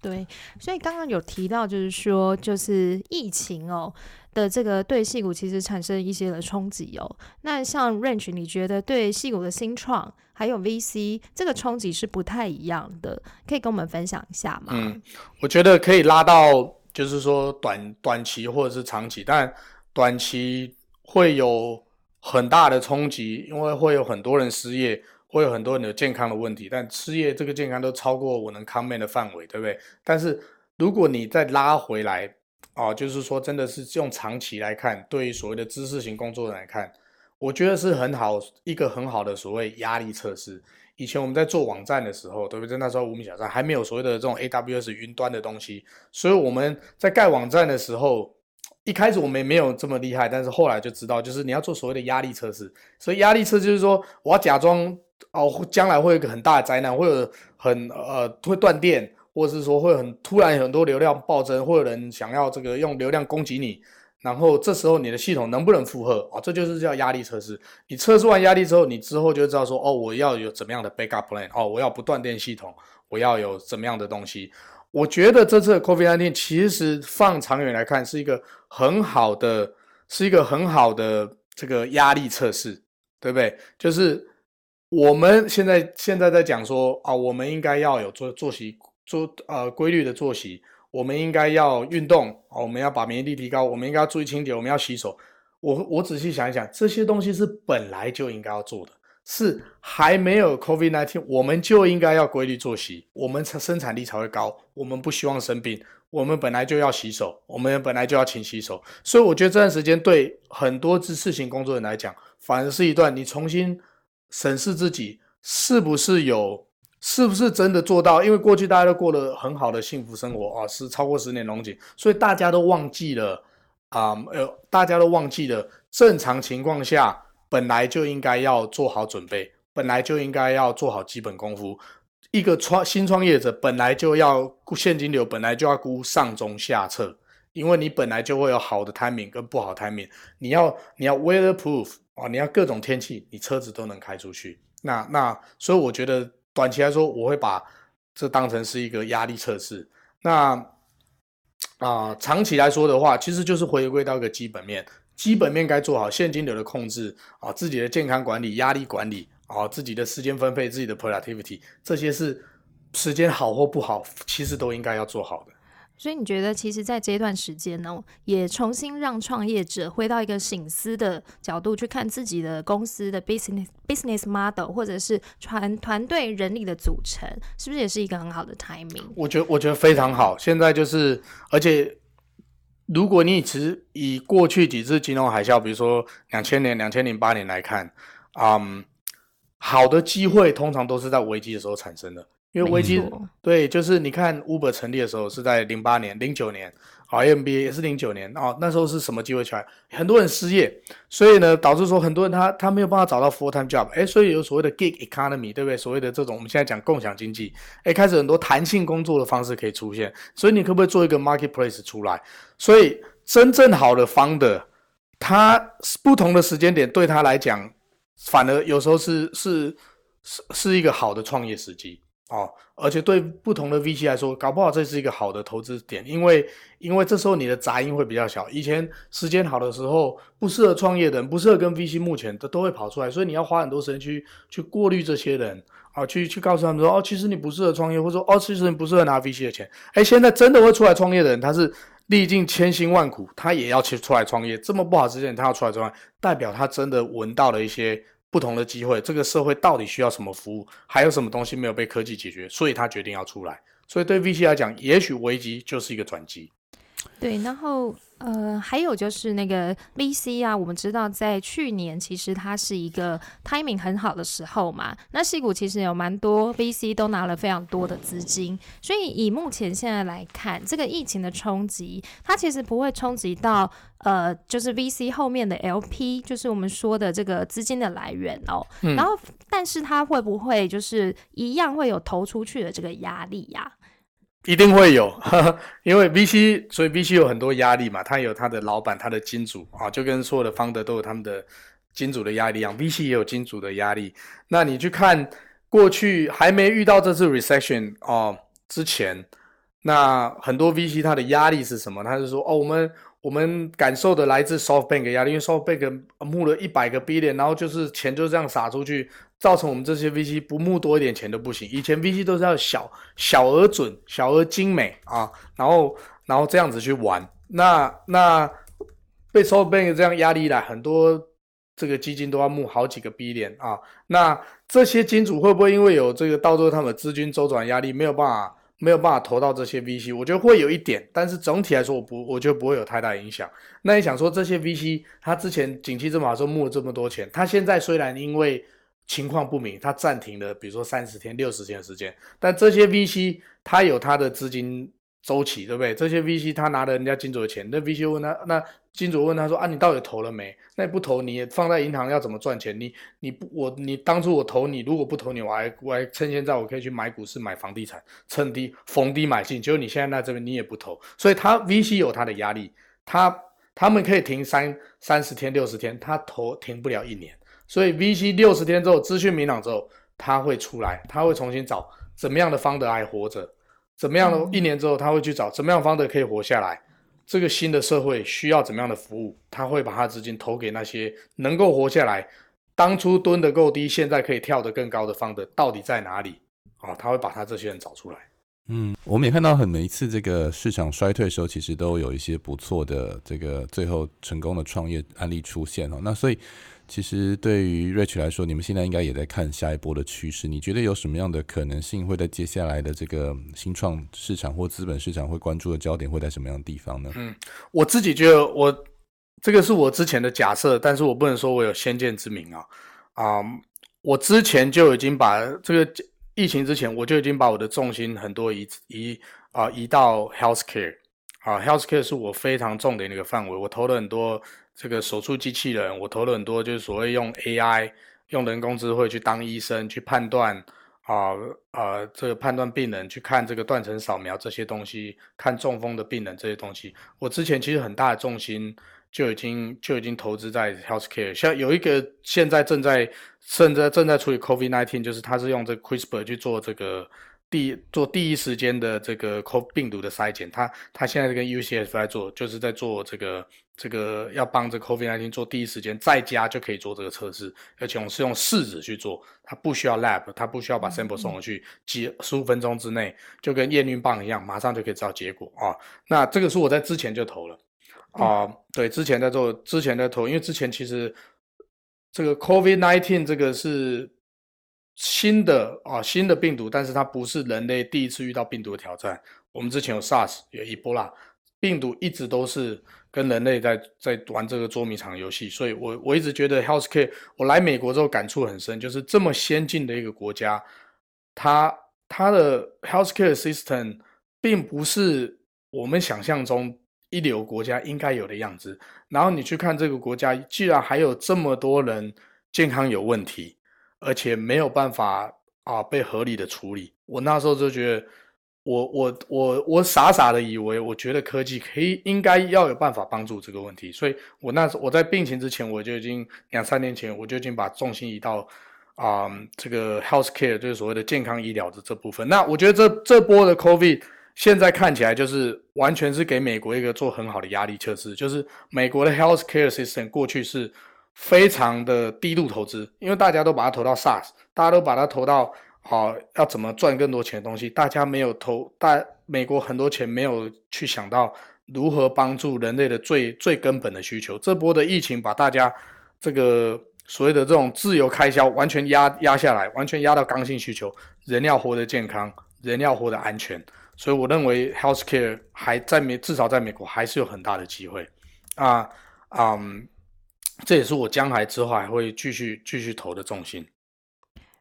B: 對。所以剛剛有提到，就是說，就是疫情哦、喔、的這個對矽谷其實產生一些的衝擊哦。那像 Wretch，你覺得對矽谷的新創還有 VC 這個衝擊是不太一樣的，可以跟我們分享一下嗎？
C: 嗯，我覺得可以拉到。就是說短、短短期或者是長期，但短期會有很大的衝擊，因為會有很多人失業，會有很多人的健康的問題。但失業這個健康都超過我能抗命的範圍，對不對？但是如果你再拉回來，哦、啊，就是說真的是用長期來看，對於所謂的知識型工作人來看，我覺得是很好一個很好的所謂壓力測試。以前我們在做網站的時候，對不對？那時候無名小站還沒有所謂的這種 AWS 雲端的東西，所以我們在蓋網站的時候，一開始我們也沒有這麼厲害，但是後來就知道，就是你要做所謂的壓力測試。所以壓力測試就是說，我要假裝哦，將來會有一個很大的災難，或者很呃會斷電，或者是說會很突然很多流量暴增，會有人想要這個用流量攻擊你。然後這時候你的系統能不能負荷啊？這就是叫壓力測試。你測試完壓力之後，你之後就知道說，哦，我要有怎麼樣的 backup plan 哦，我要不斷電系統，我要有怎麼樣的東西。我覺得這次的 COVID-19 其實放長遠來看是一個很好的，是一個很好的這個壓力測試，對不對？就是我們現在現在在講說啊、哦，我們應該要有做作息做啊、呃、規律的作息。我們應該要運動，我們要把免疫力提高，我們應該要注意清潔，我們要洗手。我我仔細想一想，這些東西是本來就應該要做的，是還沒有 COVID-19，我們就應該要規律作息，我們生產力才會高。我們不希望生病，我們本來就要洗手，我們本來就要勤洗手。所以我覺得這段時間對很多知識型工作人來講，反而是一段你重新審視自己是不是有。是不是真的做到？因為過去大家都過了很好的幸福生活哦、啊,是超過十年榮景，所以大家都忘記了啊、嗯，呃，大家都忘記了。正常情況下，本來就應該要做好準備，本來就應該要做好基本功夫。一個創新創業者，本來就要估現金流，本來就要估上中下策，因為你本來就會有好的 timing 跟不好 timing 你。你要你要 weatherproof 啊，你要各種天氣，你車子都能開出去。那那，所以我覺得。短期來說，我會把這當成是一個壓力測試。那啊、呃，長期來說的話，其實就是回歸到一個基本面，基本面該做好現金流的控制啊、呃，自己的健康管理、壓力管理啊、呃，自己的時間分配、自己的 productivity，這些是時間好或不好，其實都應該要做好的。
B: 所以你覺得，其實在這段時間呢，也重新讓創業者回到一個省思的角度，去看自己的公司的 business business model，或者是團團隊人力的組成，是不是也是一個很好的 timing？
C: 我覺得我覺得非常好。現在就是，而且如果你只以過去幾次金融海嘯，比如說兩千年、兩千零八年來看，嗯，好的機會通常都是在危機的時候產生的。因為危機，對，就是你看 Uber 成立的時候是在零八年、零九年，好，oh, MBA 也是零九年哦。Oh, 那時候是什麼機會出來？很多人失業，所以呢，導致說很多人他他沒有辦法找到 full time job。哎，所以有所謂的 gig economy，對不對？所謂的這種我們現在講共享經濟，哎，開始很多彈性工作的方式可以出現。所以你可不可以做一個 marketplace 出來？所以真正好的 founder，他不同的時間點對他來講，反而有時候是是是是一個好的創業時機。哦，而且對不同的 VC 來說，搞不好這是一個好的投資點，因為因為這時候你的雜音會比較小。以前時間好的時候，不適合創業的人，不適合跟 VC，目前的都會跑出來，所以你要花很多時間去去過濾這些人啊、哦，去去告訴他們說，哦，其實你不適合創業，或者說哦，其實你不適合拿 VC 的錢。哎、欸，現在真的會出來創業的人，他是歷盡千辛萬苦，他也要去出來創業，這麼不好的時間他要出來創業，代表他真的聞到了一些。不同的機會，這個社會到底需要什麼服務？還有什麼東西沒有被科技解決？所以他決定要出來。所以對 VC 來講，也許危機就是一個轉機。
B: 對，然後。呃，還有就是那個 VC 啊，我們知道在去年其實它是一個 timing 很好的時候嘛，那矽谷其實有蠻多 VC 都拿了非常多的資金，所以以目前現在來看，這個疫情的衝擊，它其實不會衝擊到呃，就是 VC 後面的 LP，就是我們說的這個資金的來源哦、喔嗯。然後，但是它會不會就是一樣會有投出去的這個壓力呀、啊？
C: 一定會有呵呵，因為 VC，所以 VC 有很多壓力嘛，他有他的老闆，他的金主啊，就跟所有的方德都有他們的金主的壓力一樣，VC 也有金主的壓力。那你去看過去還沒遇到這次 recession 哦、啊、之前，那很多 VC 他的壓力是什麼？他就說哦，我們我們感受的來自 SoftBank 的壓力，因為 SoftBank 募了一百個 billion，然後就是錢就這樣撒出去。造成我們這些 VC 不募多一點錢都不行。以前 VC 都是要小小而準，小而精美啊，然後然後這樣子去玩。那那被 SoftBank 這樣壓力了，很多這個基金都要募好幾個 Billion 啊。那這些金主會不會因為有這個到時候他們資金週轉壓力沒有辦法沒有辦法投到這些 VC？我覺得會有一點，但是總體來說我不我覺得不會有太大影響。那你想說這些 VC 他之前景氣這麼好時候募了這麼多錢，他現在雖然因為情況不明，他暫停了，比如說三十天、六十天的時間。但這些 VC 他有他的資金周期，對不對？這些 VC 他拿了人家金主的錢，那 VC 問他，那金主問他說啊，你到底投了沒？那你不投，你也放在銀行要怎麼賺錢？你你不我你當初我投你，如果不投你，我還我還趁現在我可以去買股市、買房地產，趁低逢低買進。結果你現在在這邊你也不投，所以他 VC 有他的壓力，他他們可以停三三十天、六十天，他投停不了一年。所以，VC 六十天之後，資訊明朗之後，他會出來，他會重新找怎麼樣的 founder 還活着，怎麼樣？一年之後，他會去找怎麼樣 founder 可以活下來。這個新的社會需要怎麼樣的服務？他會把他資金投給那些能夠活下來，當初蹲得夠低，現在可以跳得更高的 founder 到底在哪裡？啊、哦，他會把他這些人找出來。
A: 嗯，我們也看到，每一次這個市場衰退的時候，其實都有一些不錯的這個最後成功的創業案例出現哦。那所以。其實對於 Wretch 來說，你們現在應該也在看下一波的趨勢。你覺得有什麼樣的可能性會在接下來的這個新創市場或資本市場會關注的焦點會在什麼樣的地方呢？嗯，
C: 我自己覺得我，我這個是我之前的假設，但是我不能說我有先見之明啊。啊、嗯，我之前就已經把這個疫情之前，我就已經把我的重心很多移移啊、呃，移到 healthcare 啊、呃、healthcare 是我非常重的一個範圍，我投了很多。這個手術機器人，我投了很多，就是所謂用 AI、用人工智慧，去當醫生，去判斷，啊、呃、啊、呃，這個判斷病人，去看這個斷層掃描這些東西，看中風的病人這些東西。我之前其實很大的重心就已經就已經投資在 healthcare，像有一個現在正在正在正在處理 COVID-19，就是他是用這個 CRISPR 去做這個。第做第一時間的這個 c o v 病毒的篩檢，他他現在跟 u c s 在做，就是在做這個這個要幫這 COVID nineteen 做第一時間，在家就可以做這個測試，而且我們是用試紙去做，它不需要 lab，它不需要把 sample 送過去，幾十五分鐘之內就跟驗孕棒一樣，馬上就可以知道結果啊。那這個是我在之前就投了，啊、嗯，對，之前在做，之前在投，因為之前其實這個 COVID nineteen 這個是。新的啊，新的病毒，但是它不是人類第一次遇到病毒的挑戰。我們之前有 SARS，有 Ebola，病毒一直都是跟人類在在玩這個捉迷藏遊戲。所以我，我我一直覺得 health care，我來美國之後感觸很深，就是這麼先進的一個國家，它它的 health care system 並不是我們想象中一流國家應該有的樣子。然後你去看這個國家，居然還有這麼多人健康有問題。而且沒有辦法啊、呃，被合理的處理。我那時候就覺得我，我我我我傻傻的以為，我覺得科技可以應該要有辦法幫助這個問題。所以，我那時候我在病情之前，我就已經兩三年前，我就已經把重心移到啊、呃，這個 health care 就是所謂的健康醫療的這部分。那我覺得這這波的 COVID 現在看起來就是完全是給美國一個做很好的壓力測試，就是美國的 health care system 過去是。非常的低度投資，因為大家都把它投到 SaaS，大家都把它投到，哦，要怎麼賺更多錢的東西，大家沒有投，大美國很多錢沒有去想到如何幫助人類的最最根本的需求。這波的疫情把大家這個所謂的這種自由開銷完全壓壓下來，完全壓到剛性需求，人要活得健康，人要活得安全，所以我認為 healthcare 還在美，至少在美國還是有很大的機會。啊，嗯。這也是我將來之後還會繼續繼續投的重心。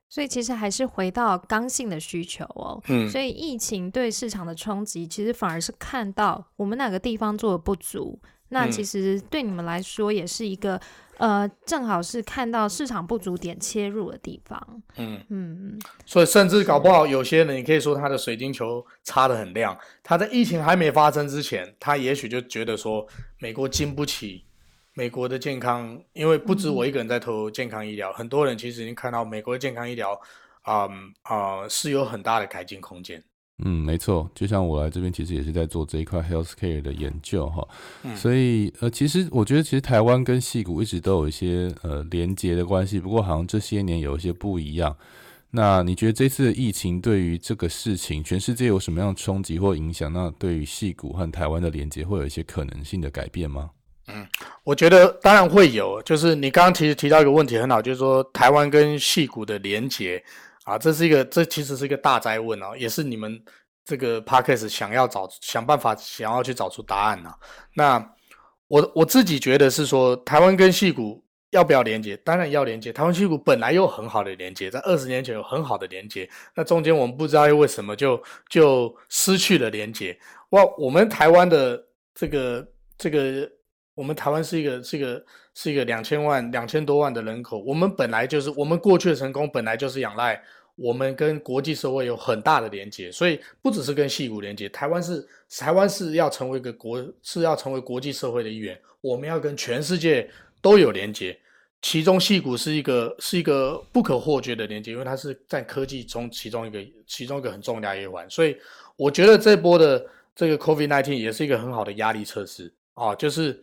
B: 所以其實還是回到剛性的需求哦。嗯。所以疫情對市場的衝擊，其實反而是看到我們哪個地方做的不足。那其實對你們來說也是一個、嗯、呃，正好是看到市場不足點切入的地方。嗯嗯嗯。
C: 所以甚至搞不好有些人，你可以說他的水晶球擦得很亮。他在疫情還沒發生之前，他也許就覺得說美國經不起。美國的健康，因為不止我一個人在投健康醫療、嗯，很多人其實已經看到美國的健康醫療，嗯啊、呃、是有很大的改進空間。
A: 嗯，沒錯，就像我來這邊其實也是在做這一塊 health care 的研究哈、嗯，所以呃，其實我覺得其實台灣跟矽谷一直都有一些呃連接的關係，不過好像這些年有一些不一樣。那你覺得這次的疫情對於這個事情，全世界有什麼樣衝擊或影響？那對於矽谷和台灣的連接會有一些可能性的改變嗎？
C: 嗯，我覺得當然會有，就是你剛剛提提到一個問題很好，就是說台灣跟矽谷的連接啊，這是一個這其實是一個大哉問，哦，也是你們這個 podcast 想要找想辦法想要去找出答案呢、啊。那我我自己覺得是說，台灣跟矽谷要不要連接？當然要連接。台灣矽谷本來有很好的連接，在二十年前有很好的連接，那中間我們不知道又為什麼就就失去了連接。哇，我們台灣的這個這個。我們台灣是一個，是一個，是一個兩千萬、兩千多萬的人口。我們本來就是，我們過去的成功本來就是仰賴我們跟國際社會有很大的連接，所以不只是跟矽谷連接。台灣是台灣是要成為一個國，是要成為國際社會的一員。我們要跟全世界都有連接，其中矽谷是一個是一個不可或缺的連接，因為它是在科技中其中一個其中一個很重要一環。所以我覺得這波的這個 COVID-19 也是一個很好的壓力測試啊，就是。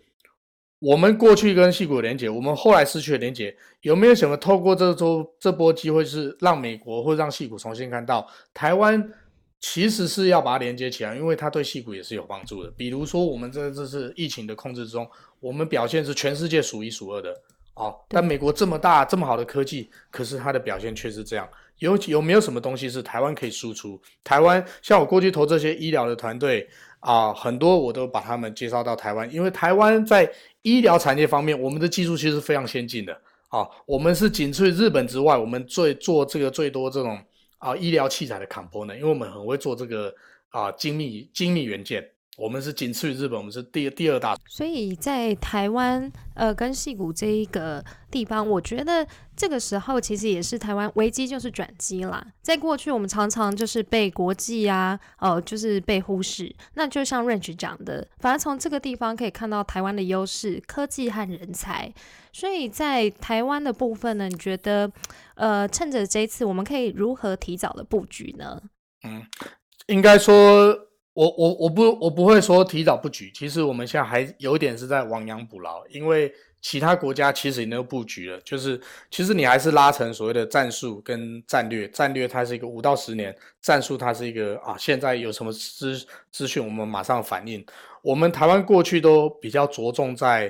C: 我們過去跟矽谷連接，我們後來失去了連接。有沒有想過透過這周這波機會，是讓美國或讓矽谷重新看到台灣？其實是要把它連接起來，因為它對矽谷也是有幫助的。比如說，我們在這次疫情的控制中，我們表現是全世界數一數二的哦。但美國這麼大這麼好的科技，可是它的表現卻是這樣。有有沒有什麼東西是台灣可以輸出？台灣像我過去投這些醫療的團隊啊，很多我都把他們介紹到台灣，因為台灣在醫療產業方面，我們的技術其實是非常先進的啊，我們是僅次於日本之外，我們最做這個最多這種啊醫療器材的 component 因為我們很會做這個啊精密精密元件。我們是僅次於日本，我們是第第二大。
B: 所以在台灣，呃，跟矽谷這一個地方，我覺得這個時候其實也是台灣危機就是轉機啦。在過去，我們常常就是被國際啊，哦、呃，就是被忽視。那就像 Wretch 講的，反而從這個地方可以看到台灣的優勢——科技和人才。所以在台灣的部分呢，你覺得，呃，趁着這一次，我們可以如何提早的布局呢？
C: 嗯，應該說。我我我不我不會說提早布局，其實我們現在還有一點是在亡羊補牢，因為其他國家其實已經都布局了。就是其實你還是拉成所謂的戰術跟戰略，戰略它是一個五到十年，戰術它是一個啊，現在有什麼資資訊，我們馬上反應。我們台灣過去都比較着重在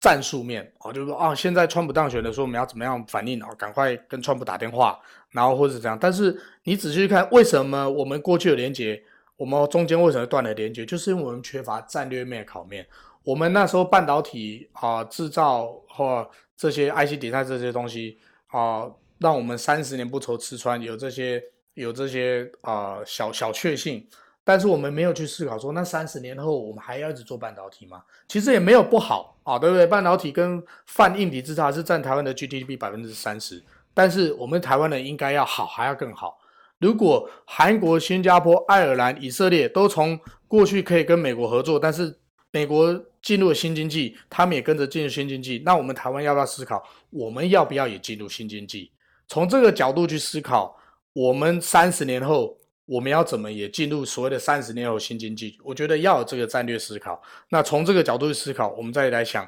C: 戰術面，啊，就是說啊，現在川普當選的時候，我們要怎麼樣反應啊？趕快跟川普打電話，然後或者是這樣。但是你仔細看，為什麼我們過去有連結？我們中間為什麼斷了連接？就是因為我們缺乏戰略面的考面。我們那時候半導體啊、呃、製造或這些 IC 設計這些東西啊、呃，讓我們三十年不愁吃穿，有這些有這些啊、呃、小小確幸。但是我們沒有去思考說，那三十年後我們還要一直做半導體嗎？其實也沒有不好啊、呃，對不對？半導體跟泛硬體製造是占台灣的 GDP 百分之三十，但是我們台灣人應該要好，還要更好。如果韓國、新加坡、愛爾蘭、以色列都從過去可以跟美國合作，但是美國進入新經濟，他們也跟着進入新經濟，那我們台灣要不要思考，我們要不要也進入新經濟？從這個角度去思考，我們三十年後我們要怎麼也進入所謂的三十年後新經濟？我覺得要有這個戰略思考。那從這個角度去思考，我們再來想。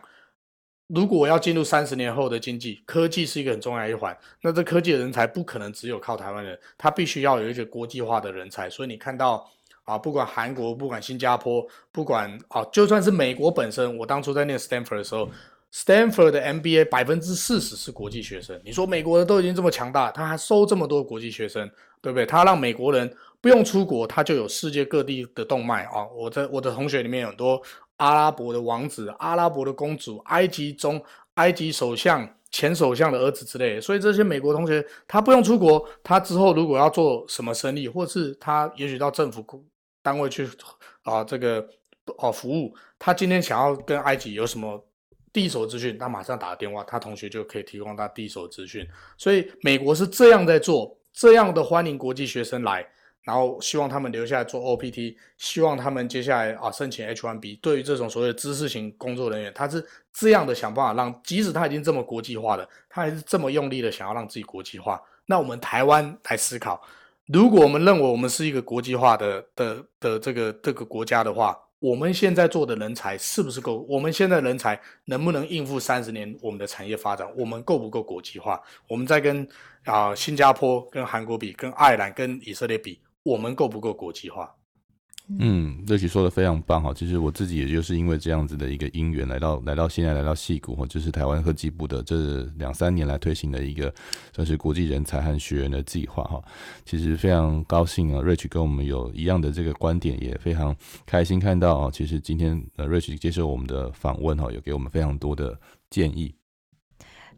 C: 如果我要進入三十年後的經濟，科技是一個很重要一環，那這科技的人才不可能只有靠台灣人，他必須要有一個國際化的人才。所以你看到啊，不管韓國，不管新加坡，不管啊，就算是美國本身，我當初在念 Stanford 的時候，Stanford 的 MBA 百分之四十是國際學生。你說美國人都已經這麼強大，他還收這麼多國際學生，對不對？他讓美國人不用出國，他就有世界各地的動脈啊！我的我的同學裡面有很多。阿拉伯的王子、阿拉伯的公主、埃及中埃及首相、前首相的兒子之類，所以這些美國同學他不用出國，他之後如果要做什麼生意，或是他也許到政府單位去啊、呃，這個哦、呃、服務，他今天想要跟埃及有什麼第一手資訊，他馬上打個電話，他同學就可以提供他第一手資訊。所以美國是這樣在做，這樣的歡迎國際學生來。然後希望他們留下來做 OPT，希望他們接下來啊申請 H1B。對於這種所謂的知識型工作人員，他是這樣的想辦法讓，即使他已經這麼國際化的，他還是這麼用力的想要讓自己國際化。那我們台灣來思考，如果我們認為我們是一個國際化的的的的這個這個國家的話，我們現在做的人才是不是夠？我們現在人才能不能應付三十年我們的產業發展？我們夠不夠國際化？我們在跟啊、呃、新加坡、跟韓國比，跟愛爾蘭、跟以色列比？我們夠不夠國際化？
A: 嗯，瑞奇說的非常棒哈。其實我自己也就是因為這樣子的一個因緣來到來到現在來到矽谷哈，就是台灣科技部的這兩三年來推行的一個算是國際人才和學員的計劃哈。其實非常高興啊，瑞奇跟我們有一樣的這個觀點，也非常開心看到啊。其實今天呃，瑞奇接受我們的訪問哈，有給我們非常多的建議。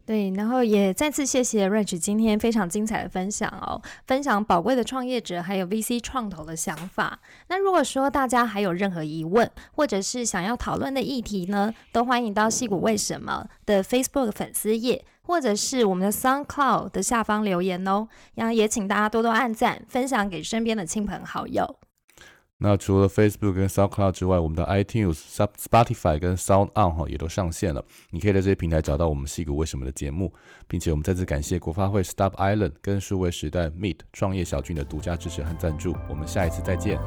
B: 對，然後也再次謝謝 Wretch 今天非常精彩的分享哦，分享寶貴的創業者還有 VC 創投的想法。那如果說大家還有任何疑問，或者是想要討論的議題呢，都歡迎到《矽谷為什麼》的 Facebook 粉絲頁，或者是我們的 SoundCloud 的下方留言哦。然後也請大家多多按讚，分享給身邊的親朋好友。
A: 那除了 Facebook 跟 SoundCloud 之外，我們的 iTunes、Spotify 跟 SoundOn 哈也都上線了。你可以在這些平台找到我們《矽谷為什麼》的節目，並且我們再次感謝國發會 Stop Island 跟數位時代 Meet 創業小聚的獨家支持和贊助。我們下一次再見。